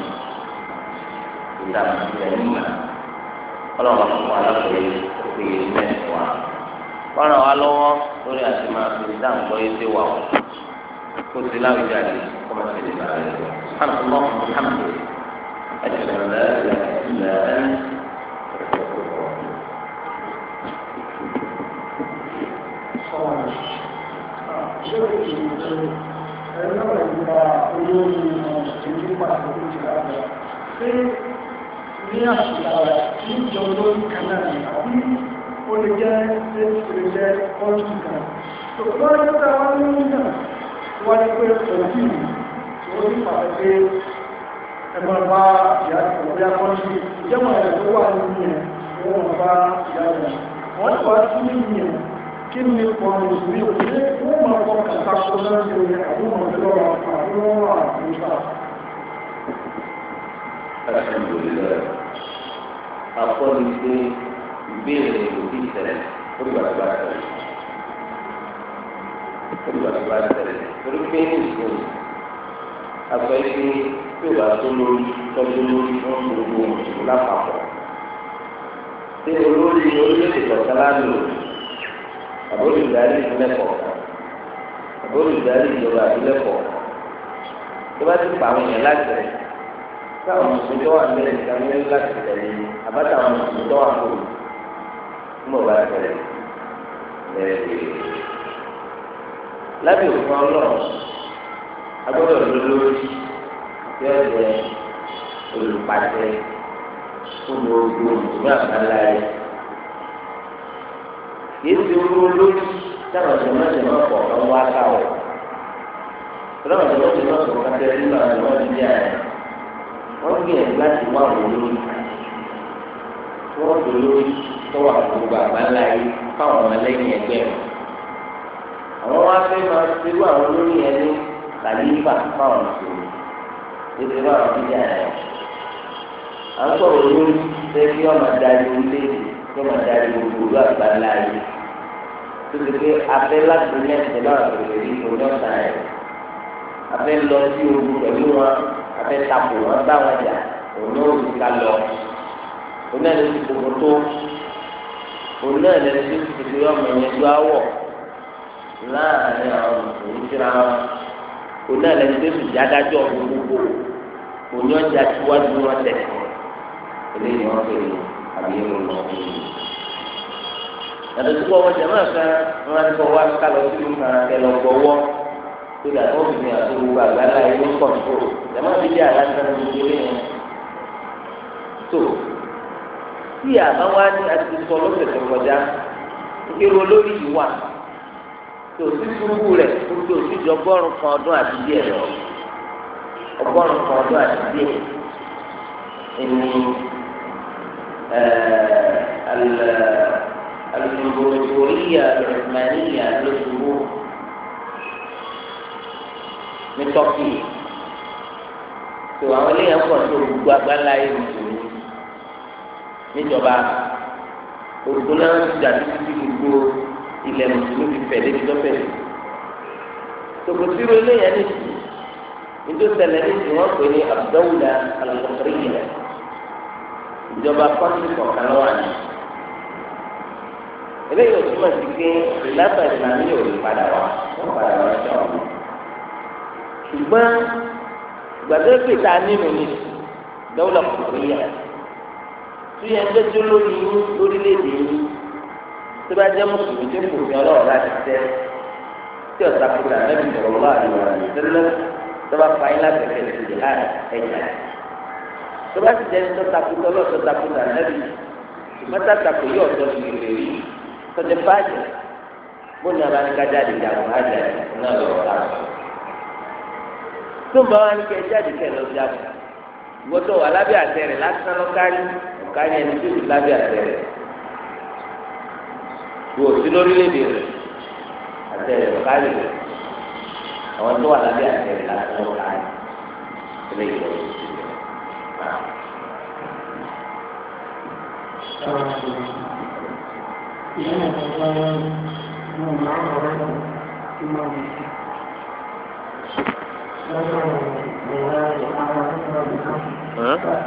ìlànà ìlẹ̀ nígbà ọlọ́run fún wa lọ́pẹ́ òkè mẹ́rin wa. Wọ́n ràn wá lọ́wọ́ lórí àti máa fi dáhùn gbọ́ yé wa o. Kó ti láwùjọ àti kọ́mọ ah, ti lè bàrẹ̀ lọ. Sọ́nà tó lọ́kùn fún Hàmdù. Ẹ̀jẹ̀ lọ́lẹ́ lẹ́ẹ̀ Thank you pẹ̀lú ọ̀rọ̀ ìgbà olórí ìlú pàtàkì tó ti rà bọ̀. ṣé ní àṣìkò tí ìjọ olórí kan náà ní àbí ó lè jẹ́ ṣé ó lè jẹ́ ọdún kan. tòkòtò ọjọ́ tá a wá ní ní náà wá ní pé òbí tó ní pàtàkì ẹ̀mọ́ bá ìyá ìgbà kọ́ńtì ìjẹ́mọ̀ ẹ̀rọ tó wà nínú yẹn wọ́n bá ìyá ìgbà wọ́n ti wá sí nínú yẹn kí ni ọ̀rọ̀ òṣèré òṣèré wọ́n máa wọ́n kàtàkùn lẹ́nu àwọn ọ̀dọ́rọ̀ àwọn àmúta. Alhamdulillah, àkọ́ni pé ìbéèrè òbí ìtẹ̀lẹ̀ ó rí bàtà bàtà rẹ̀. Ó rí bàtà bàtà rẹ̀. Torí pé ní ìsìn, àgbà ìpè tí ò bá tó lórí tọ́jú lórí fún gbogbo òṣèlú lápapọ̀. Ṣé olórí orílẹ̀-èdè Tọ́tàlá lò? àbórí ìdarí ìdílẹ́kọ̀ọ́ àbórí ìdarí ìjọba ìdílẹ́kọ̀ọ́ tó bá ti pa àwọn èèyàn láti rẹ̀ táwọn mùsùlùmí tó wà nílẹ̀ nígbà mílíọ̀nù láti tẹ̀lé àbáta àwọn mùsùlùmí tó wà kúrò ní ọba tẹ̀lé lẹ́yìn lábẹ́ òfin ọlọ́run agbọ́dọ̀ lólórí yóò jẹ olùpàṣẹ olùgbò ìgbà ńlá yẹn. kìí ti wúwo lórí táwọn jẹmọjẹmọ pọ ọmọ wa ká o táwọn jẹmọjẹmọ pọ kátẹ nínú àwọn jẹmọjẹmọ yà rẹ láti wá lórí dò lórí yìí fáwọn ẹgbẹ́ àwọn wá fẹ́ máa ti wú àwọn lórí ní kàlífà fáwọn ìṣòro ètò ìwà sọ̀rọ̀ lórí ọmọ orílẹ̀-èdè. tó máa darí gbogbo ìlú àgbà ńlá yìí tó ti pé abẹ́ láti lẹ́sẹ̀ náà kò lè rí ìlú ọ̀sán ẹ̀ abẹ́ lọ sí ogun pẹ̀lú wọn abẹ́ takò wọn bá wọn jà òun náà lè ká lọ òun náà lè fi gbogbo tó òun náà lè fi gbogbo ọmọ yẹn tó àwọ̀ láàrin àwọn mùsùlùmí síra wọn òun náà lè fi gbogbo jádájọ́ gbogbo òun yọ̀ọ́ jà síwájú wọn tẹ̀ eléyìí wọn fèrè yìí àmírù lọ́wọ́ yàtọ̀ sí wọ́n jẹ̀ máa kan wọ́n á ní kó wá kálọ̀ sí ìlú kan kẹ́ lọ gbọ́wọ́ tó dà ó fi àti gbogbo àgbàlá ìlú kọ̀ǹtò jẹ̀ máa fi dé àlàkà ní ìdílé yẹn. tó tí àbá wá ní àti sọ lọ́sẹ̀ tó kọjá irú olórí yìí wà tó sí túrúkú rẹ̀ tó sì jọ ọgọ́rùn-ún kan ọdún àti díẹ̀ lọ ọgọ́rùn-ún kan ọdún àti díẹ̀ ẹni. الإمبراطورية العثمانية للشروق من تركيا tó àwọn eléyàn pọ̀ tó gbogbo agbára yìí mùsùlùmí níjọba òkú náà ń dàbí títí gbogbo ilẹ̀ mùsùlùmí fi fẹ̀ débi tọ́fẹ̀ lò tòkòtìrò eléyàn nìsí nítorí tẹ̀lé nìsí pè ní abdawuda alakọ̀tọ̀rì yìí ìjọba kọ́ńtì kọ̀ọ̀kan lọ́wọ́ àná eléyìí ò túmọ̀ sí pé ìlànà ìlànà yóò lè padà wá wọ́n padà wá lọ́jọ́ ọ̀hún ṣùgbọ́n gbàdúrà pé ta nínú ni dọ́wọ́lá kò tó yẹ tó yẹ gbẹ́jọ́ lórí yín lórílẹ̀‐èdè yín tó bá jẹ́ mùsùlùmí tó kò fi ọlọ́run láti tẹ́ tí ọ̀sà kúta lẹ́bi sọ̀rọ̀ lọ́wọ́ àdìwọ̀n àdìsẹ́lẹ̀ tó bá fa yín láti ẹ̀kẹ́ láàrin ẹ̀yà tó bá ti jẹ́ ní tọ́takù tọ́lọ́ tọ́takù tànẹ́bì mọ́tà takù yóò tọ́ sí ìrèlè rí tọ́jú bàjẹ́ bó ní abáníkà jáde ìyàwó bàjẹ́ náà lọ́wọ́ ká tó ń bá wọn kẹ jáde kẹ lọ jáde ìwọ́tọ̀ wà lábẹ́ àtẹ rẹ̀ lásán lọ́kárí ọ̀kárí ẹni tó ti lábẹ́ àtẹ rẹ̀ wò sí lórílẹ̀ rẹ̀ àtẹ rẹ̀ ọ̀kárí rẹ̀ àwọn tó wà lábẹ́ àtẹ rẹ̀ lásán lọ́kárí ẹlẹ́yìn yana da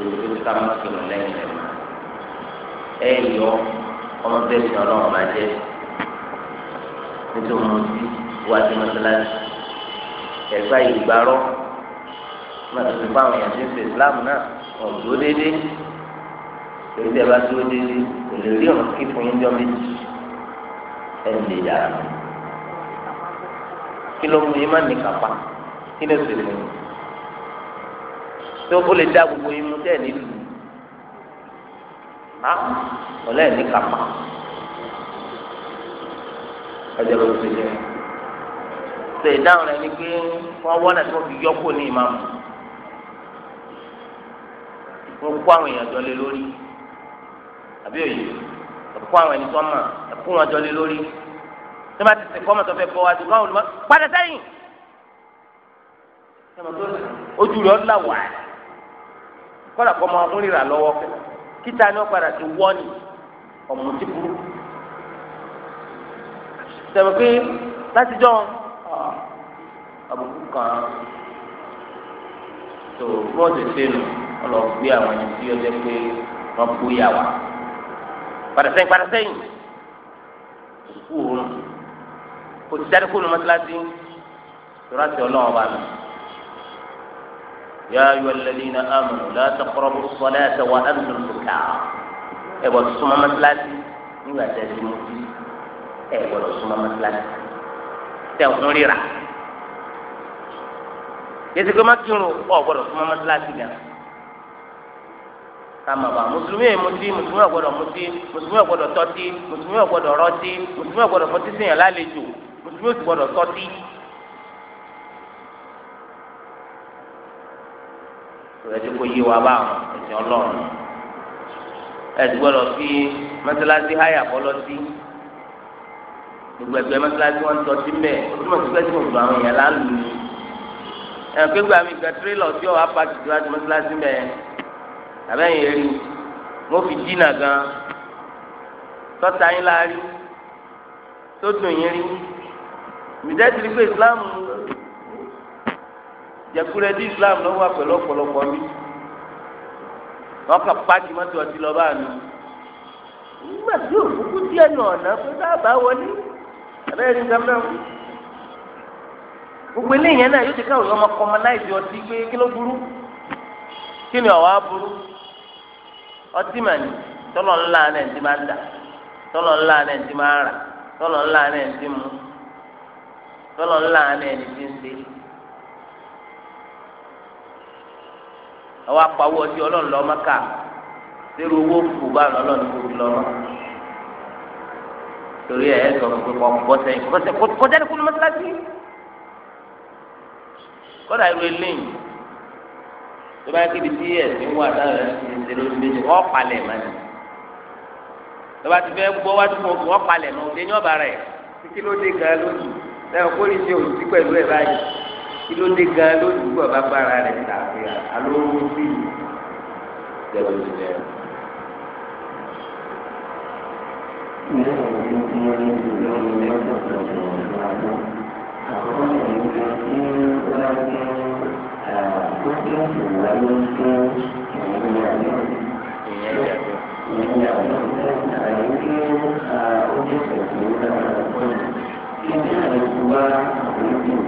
olùdókòwò sábà máa fi hàn lẹ́yìn rẹ̀ mọ́ ẹ yọ ọmọ bẹ́ẹ̀ sọ ọlọ́run máa jẹ́ nítorí mo ti wá sí mọ́sálásí ẹ̀ka ìgbàrọ̀ máa tó fi báwọn èèyàn ti ń ṣe Islam náà ọ̀dọ́ déédéé èyí tẹ́ bá dúró déédéé kò lè rí ọ̀rọ̀ kí fún yín jọ méjì ẹ̀ lè yára kí ló mú yín má nìkàpá kí ló sì fún yín tó o lè dá gbogbo yín mú tẹ́ ní lù á ọ̀lẹ́ ní kápá ọjọ́ ló ti yẹ tó ìdáhùn rẹ ni pé wọ́n wọ́n náà tí wọ́n fi yọ́kò ní ìmáàmù wọ́n kó àwọn èèyàn jọ lé lórí àbí òye ẹ̀kú àwọn ẹni tó mọ̀ ẹ̀kú wọn jọ lé lórí tí wọ́n ti sè kọ́ mọ̀tọ́ fẹ́ bọ́ wájú káwọn olùmọ̀ padà sẹ́yìn ojú rẹ̀ ọ́ là wàá kọ́dà kọ́ máa mú rírà lọ́wọ́ kíta ni wọ́n padà ti wọ́ ni ọ̀mùtí burú sẹ̀rọ̀ pé látijọ́ àbùkù kan tó bọ́ọ̀dù sínú ọlọ́ gbé àwọn ẹni tí ọjọ́ pé wọ́n kú yà wá padà sẹ́yìn padà sẹ́yìn òkú òórùn kò ti dárí kó nu mọ́tíláṣí tó rà ọlọ́wọ́ bá mi. يا أيها الذين آمنوا لا تقربوا الصلاة وأنتم سكارى ẹ gbọ́dọ̀ súnmọ́ mọ́sálásí nígbà tẹ ẹ ti mú bí ẹ gbọ́dọ̀ súnmọ́ mọ́sálásí tẹ ọdún ríra yẹtí pé má kírun ọ gbọ́dọ̀ súnmọ́ mọ́sálásí gan kàmàbà mùsùlùmí yẹn mutí mùsùlùmí ò gbọ́dọ̀ mutí mùsùlùmí ò gbọ́dọ̀ tọ́tí mùsùlùmí ò gbọ́dọ̀ rọtí mùsùlùmí ò gbọ́dọ̀ fọtí sèyàn lálejò mùsùlùmí ò sì gbọ́dọ̀ tọ́tí. ẹ̀sìn kò yé wa báwọn ẹ̀sìn ọlọ́run ẹ̀sìn gbọ́dọ̀ fi mọ́sálásí háyà kọ́lọ́ sí gbogbo ẹgbẹ́ mọ́sálásí wọn tọ́ sí mbẹ́ ó túmọ̀ sí pẹ́sì gbogbo àwọn èèyàn lálù ní ẹ̀rọ pé gbàmí kan tírélọ̀ tí ọ̀wá pàtì tó láti mọ́sálásí mbẹ́ àbẹ́yìn rí mo fi dínà gan tọ́ta yín la rí tó dùn yín rí mìtẹ́tì rí pé Islam jẹkulẹ di islam lọ wà pẹ̀lú ọ̀pọ̀lọpọ̀ mi wọn kà pàtì mọ́tò ọtí lọ báà mi nígbà tí òkúkú díẹ̀ nà ọ̀nà fún sábà wọlé abẹ́rẹ́ ní sábà wọlé gbogbo eléyìí náà yóò ti ká òyìn ọmọ kọmọláìsì ọtí pé kí ló burú kí ni ọ̀wá burú ọtí mà ní tọ́lọ̀ ńlá náà ti máa ń dà tọ́lọ̀ ńlá náà ti máa rà tọ́lọ̀ ńlá náà ti mú tọ́lọ̀ ńlá náà ti ń ṣe. àwọn apawọ ọtí ọlọ́run lọ mọka lérò owó kù bá ọlọ́run kò fi lọ mọ torí ẹ ẹ sọ pé kọ bọ sẹ́yìn kọjá ní kúlù mọ́sálásí kódà irú eléyìí tó bá kébi tí ẹsìn wà dáhùn ẹsìn ṣe lórí méjì wọn palẹ̀ mọ́ ni tó bá ti fẹ́ gbọ́ wájú fún wọn palẹ̀ mọ́ òde ní ọba rẹ títí ló dé gan lónìí lẹ́yìn kó lè ṣe òtítí pẹ̀lú ẹ báyìí kí ló dé gan lójú bàbá bára rẹ̀ tààfin alówó sí i jẹ́bi oṣù lẹ́yìn. Thank you.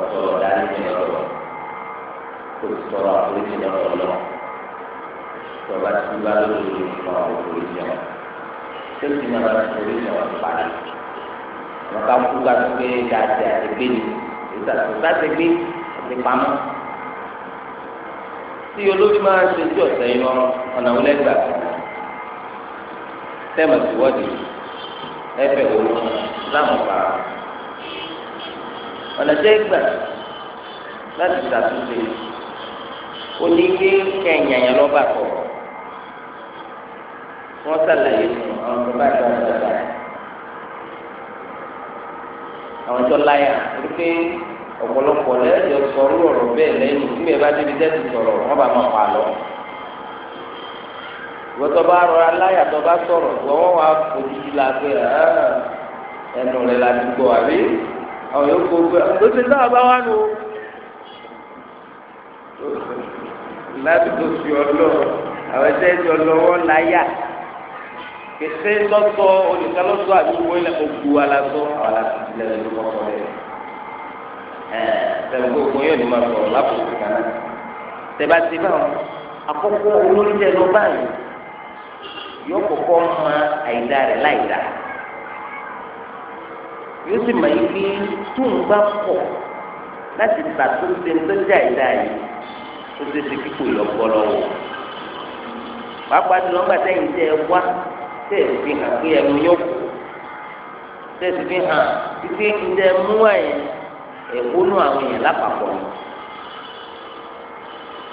tọ̀tọ̀rọ̀ dání ní ọ̀rọ̀ kò sì tọrọ àforíjì ní ọ̀rọ̀ lọ. Tọ́ba tí bá lórí ìfọ̀n àforíjì wọn. Sẹ́yìn náà bá àforíjì wọn padà. Wọ́n ká kú ká tó gbé dáadé àti gbé ni. Ìgbà tó gbé àti pamọ́. Tí olórí máa ń ṣe tí ọ̀sẹ̀ yìí lọ́rùn, ọ̀nà òun lẹ́gbàá. Tẹ́mọ̀ sí wọ́ọ̀dì ẹ̀fẹ̀ òun fara ọ̀nà tẹ́ gbà láti ṣàtúnṣe onígbé kẹ̀yìn àyàn lọ́ba kọ̀ wọ́n ṣàlàyé fún àwọn tó bá gbà gbàgbà àwọn tó láyà wípé ọ̀pọ̀lọpọ̀ lẹ́yìn sọ̀rọ̀ ọ̀rọ̀ bẹ́ẹ̀ lẹ́yìn tí bẹ́ẹ̀ bá débi tẹ́sí sọ̀rọ̀ wọ́n bá máa pa lọ. ìwọ́tọ̀ bá rọra láyà tó bá sọ̀rọ̀ wọ́n wá fojú la pé ah, ẹnu rẹ̀ la àbí àwọn yóò kó gbé ọ ṣe náà bá wà nù. láti tó fi ọlọ àwọn ẹsẹ ti ọlọwọ láyà kẹsẹ lọtọ olùkálọtọ àdúgbò ilẹ̀ òkú alásọ àwọn àtìlẹ ló kọkọ rẹ ẹ sẹbi gbogbo yóò ní ma sọ̀rọ̀ lápòkù kan náà tẹbà ti bá wọn àkọ́kọ́ olórí jẹ lọ báyìí yóò kọ́kọ́ mọ àyíká rẹ láyìí dáa yóò sì mọ̀ yìí pé tóun bá pọ̀ láti gbà tó ṣe ń tó dá ìdá yìí tó ṣe ṣe kíkó ìyọ̀pọ̀ lọ́wọ́ pàápàá jùlọ ńgbà sẹ́yìn tẹ́ ẹ wá tẹ́ ẹ fi hàn pé ẹnu yóò kù tẹ́ ẹ sì fi hàn pípé ìdẹ mú ẹ̀yìn ẹ̀kúnú àwọn èèyàn lápapọ̀ ni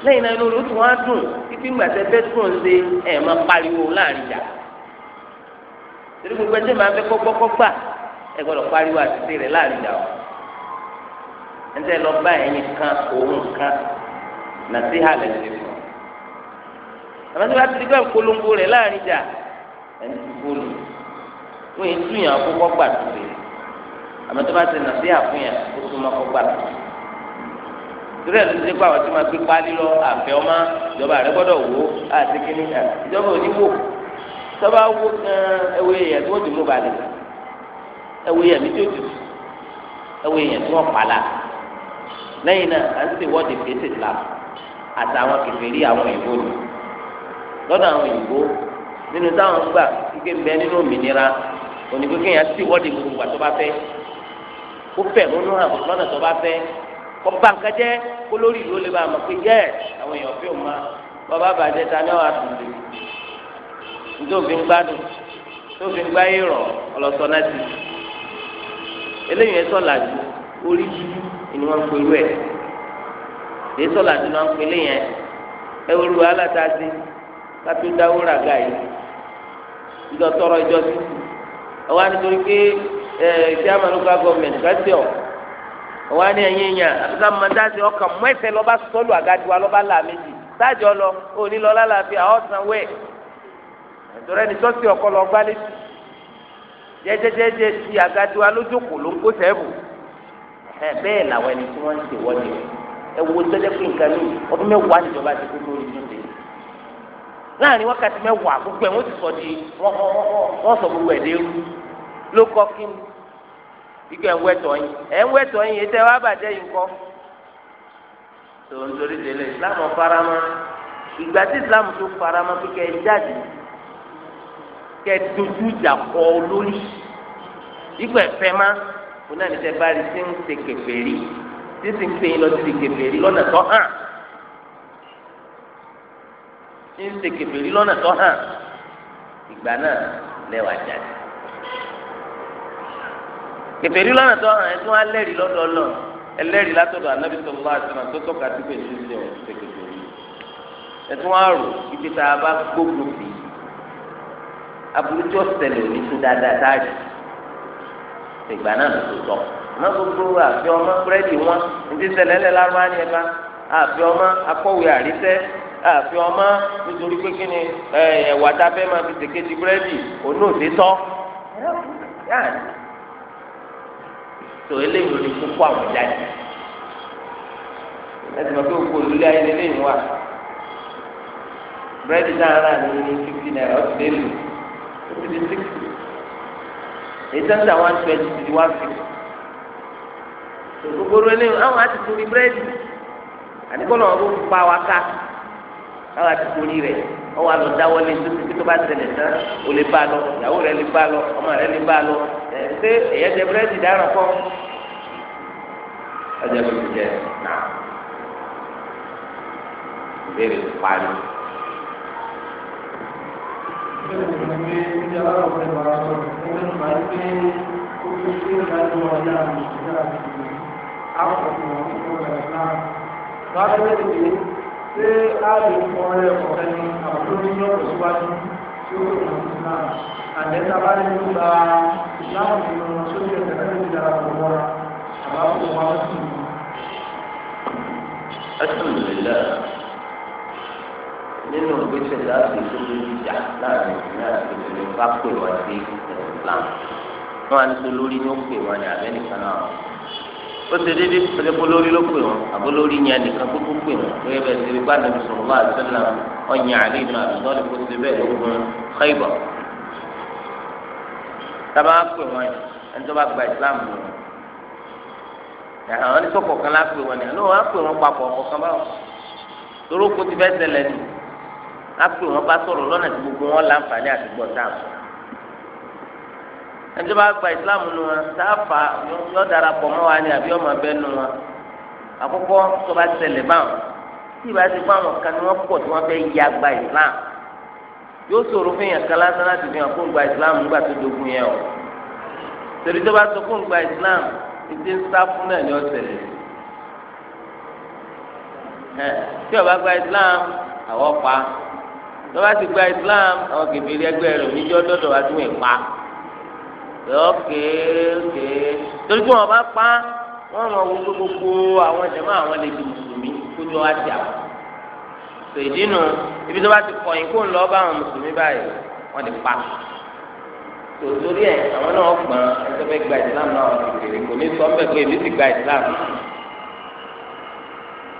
lẹ́yìn náà lórí ó tún wá dùn pípé ńgbà tẹ́ bẹ́ẹ̀ tún ń ṣe ẹ̀ máa pariwo láàrin ìjà torí gbogbo ẹjẹ́ máa fẹ́ kọ́gbọ́kọ́ gbà ẹ gbọ́dọ̀ pariwo àtìsí rẹ̀ láàrin ìjà wọn ẹnitẹ lọ bá ẹ̀yin kan òun kan nàti halẹ̀ lè fún ọ àmọ́ tí wọ́n ti di gbẹ́ polongo rẹ̀ láàrin ìjà ẹni tí bọ́ọ̀lù wọ́n yẹn tún yàn kó kọ́gbà tó lè àmọ́ tí wọ́n ti nàti àfúnyàn kó tó má kọ́gbà tó lè torí ẹ̀ ló ti kó àwọn tí wọ́n gbé pálí lọ àfẹ́ ọmọ ìjọba rẹ̀ gbọ́dọ̀ wò ó àti kíní ìjọba òní wò tọ́ba wò gan ewé yẹn tó ti mú balẹ̀ ẹwọ yẹn mi tó tutù ẹwọ yẹn tí wọn pàlà lẹ́yìn náà à ń ṣe wọ́ọ̀dì fèsì islam àtàwọn kèfèrí àwọn òyìnbó ni lọ́dọ̀ àwọn òyìnbó nínú táwọn gbà kíkẹ́ bẹ nínú òmìnira onígbé kéèyàn ṣe wọ́ọ̀dì gbogbo àti ọba fẹ́ kó fẹ̀ múnú hàn lọ́nà tó bá fẹ́ kó bá nǹkan jẹ́ kó lórí ìlú ó lè bá a mọ̀ pé yẹ́ àwọn èèyàn fi òun ma bàbá bàjẹ́ ta ni wọ́n á tún lè nítorí gbádùn tó fi rọ̀ ọlọ́sọ náà ti eléyìí ẹ sọ̀là jù orí yíyí ni wọ́n ń pe irú ẹ̀ èyí sọ̀là jù náà ń pe eléyìí ẹ ẹ wọ́n lu alátàsí kátó dáwó rà gà yìí ìjọ tọrọ ìjọ sí ẹ wá nítorí pé ẹ ṣé amánúkà gọọmẹǹtì kásìọ ẹ wá ní ẹ̀yìn ìyàn àbúkà mọdásí ọkàn mú ẹsẹ lọba sọlù àgàdùwà lọba là méjì sáàjọ lọ òní lọ lálàáfíà ọsàn wẹ ẹtọrẹ ní sọsì ọkọ lọ gbálẹ sí jẹjẹjẹjẹ ti agadiwa lójókòó ló ń kó sẹ́ẹ̀bù bẹ́ẹ̀ làwọn ẹni tí wọ́n ń ṣèwọ́de ẹ wo tẹ́lẹ̀ pé nǹkan ní ọdún mẹ́wàá níjọba ti kó lórí ìdúnṣe láàrin wákàtí mẹ́wàá gbogbo ẹ̀ wọ́n ti sọ di wọ́n sọ gbogbo ẹ̀ dérú ló kọ́ kí ni ike ẹ̀ ń wẹ̀tọ̀ yín ẹ̀ ń wẹ̀tọ̀ yín ètò ẹ̀ wá bàjẹ́ yín kọ́ tòun torí délé Islam farama ìgbà tí Islam tó farama kíkẹ́ ẹ̀ jáde kẹ dojú ìjà kọ olórí ìgbà ẹ̀fẹ́ má kó náà níta bá rí sí ń ṣe kèfèrí tí sì ń pè é lọ sí kèfèrí lọ́nà tó hàn tí ń ṣe kèfèrí lọ́nà tó hàn ìgbà náà lẹ́wà jáde kèfèrí lọ́nà tó hàn ẹ̀sùn alẹ́rìí lọ́dọ̀ lọ ẹlẹ́rìí látọ̀dọ̀ anábì sọ̀rọ̀ àtúnà tó tọ́ka sí pé ṣíṣe ọ̀ ṣe kèfèrí ẹ̀sùn àrò ibi tá a bá gbógun bìí aburú tí ó ṣẹlẹ̀ òní tó dáadáa táàrí ìgbà náà ló tó tọ́ ọmọ gbogbo àfi ọmọ búrẹ́dì wọn ní ṣẹlẹ̀ ńlẹ̀ lárúbá ni ẹ bá àfi ọmọ akọ̀wé àríṣẹ́ àfi ọmọ nítorí pé kí ni ẹ̀wà tábẹ́ máa fi tèkejì búrẹ́dì òun ò sí tọ́ tó eléyìí ni kókó àwọn jáde ẹsẹ̀ máa fi kókó olùlé ayé lélẹ́yìn wa búrẹ́dì náà rà ní fífi náírà ó ti dé lù ó di six èyí tó ń one twenty ti di one fifty gbogbo rẹ lẹ́yìn àwọn àti torí búrẹ́dì àdìgbọ́nà ọ̀rọ̀ ń pa wa ká àwọn àti torí rẹ̀ ọwọ́ àlọ́ dáwọ́lé tó ti tó bá tẹ̀lé tán o lè bá a lọ ìyàwó rẹ lè bá a lọ ọmọ rẹ lè bá a lọ ṣé ẹ̀yẹ́ jẹ búrẹ́dì dáràn kọ́ ọjà ló ti jẹ náà ìbéèrè parí ṣé láàyè ọ̀rẹ́ ọ̀rẹ́ ni àbúrò ní ọ̀pọ̀ síwájú tí ó kò ní islam àjẹta bá ní nípa islam nínú sójú ẹ̀sẹ̀ náà ti dára pọ̀ mọ́ra àbá fún wa ó sì. alhamdulilayi nínú ìgbésẹ̀ láti ìṣòro ìjà láàrin ìrìn àti ìṣòro bá pè wá sí Islam wọn á ní sọ lórí ní ó pè wá ní abẹ́ nìkan náà ó ṣe déédé pẹlẹpẹ lórí ló pè wọn àbó lórí yẹn nìkan kúkú pè wọn lórí bẹ́ẹ̀ ṣe gbá nàbí sọ̀rọ̀ bá àṣẹlá ọ̀yàn àlè ìnà àbùsọ̀ lè kó ṣe bẹ́ẹ̀ lógun Khaybar tábà pè wọn ẹni tó bá gba Islam lò wọn àwọn oníṣòkò kan lá pè wọn ni àlọ́ wọn á kápẹ́ wọn bá sọ̀rọ̀ lọ́nà tí gbogbo wọn láǹfààní àti gbọ́ táàmù ẹjọ́ bá gba ìsìláàmù nu wọn sáfà yọ darapọ̀ mọ́ wa ni àbí ọmọ abẹ́ nu wọn àkọ́kọ́ tó bá ṣẹlẹ̀ báwọn tí ìbá ti fún àwọn kan ni wọ́n pọ̀ tí wọ́n fẹ́ ya gba ìsìláàmù yóò ṣòro fún yàn kan lásán láti fi hàn kó ń gba ìsìláàmù nígbà tó dogun yẹn o torí tó bá sọ kó ń gba ìsìláàmù ìdí ń sá fún náà ni ó ṣẹlẹ̀ tí ọba gba ìsìláàmù àwọn pa lọ́wọ́ àti gba islam àwọn kìbìrì ẹgbẹ́ rẹ̀ níjọ́ dọ́dọ̀ wá sí wọn pa lọ́kèéké torí pé wọn bá pa wọn mọ ohun tó gbogbo àwọn ìjọba àwọn lè di mùsùlùmí kó jọ wá sí àwọn sèdí nu ibi tó bá ti kọ̀yìn kó ń lọ bá àwọn mùsùlùmí báyìí wọn lè pa tòtòrí ẹ àwọn náà gbọ́n ẹsẹ̀ fẹ́ gba islam náà wọn kìbìrì kò ní sọ fẹ́ pé èmi ti gba islam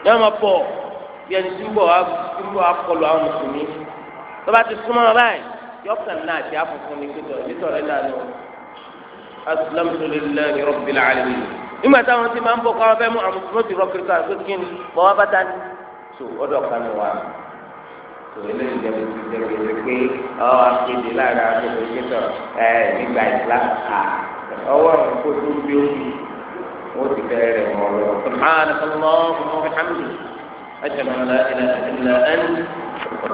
yọọ ma pọ bí ẹni tí ń bọ̀ wá àwọn mùsùlùmí tó bá ti súnmọ́ ọ báyìí yọkàn náà ti àfọ̀fún ní pẹ̀tọ̀ nítorí náà lọ. aslamtu lillahi rabbil alamin. nígbà táwọn ti máa ń bọ̀ káwọn fẹ́ mú àwọn mùsùlùmí ti rọ́kiri ká pé kí ni bọ́ wá bá ni. tó ọdọ̀ kan wà tó eléyìí jẹ́ bí ti pé ọ́ akéde lára àgbẹ̀dẹ̀ pẹ̀tọ̀ ẹ̀ nígbà ìlà ọwọ́ àwọn kò tó bí ó bí wọ́n ti fẹ́ rẹ̀ wọ́n lọ. subhanahu wa ta'ala wa bihamdihi. أشهد أن لا إله إلا أنت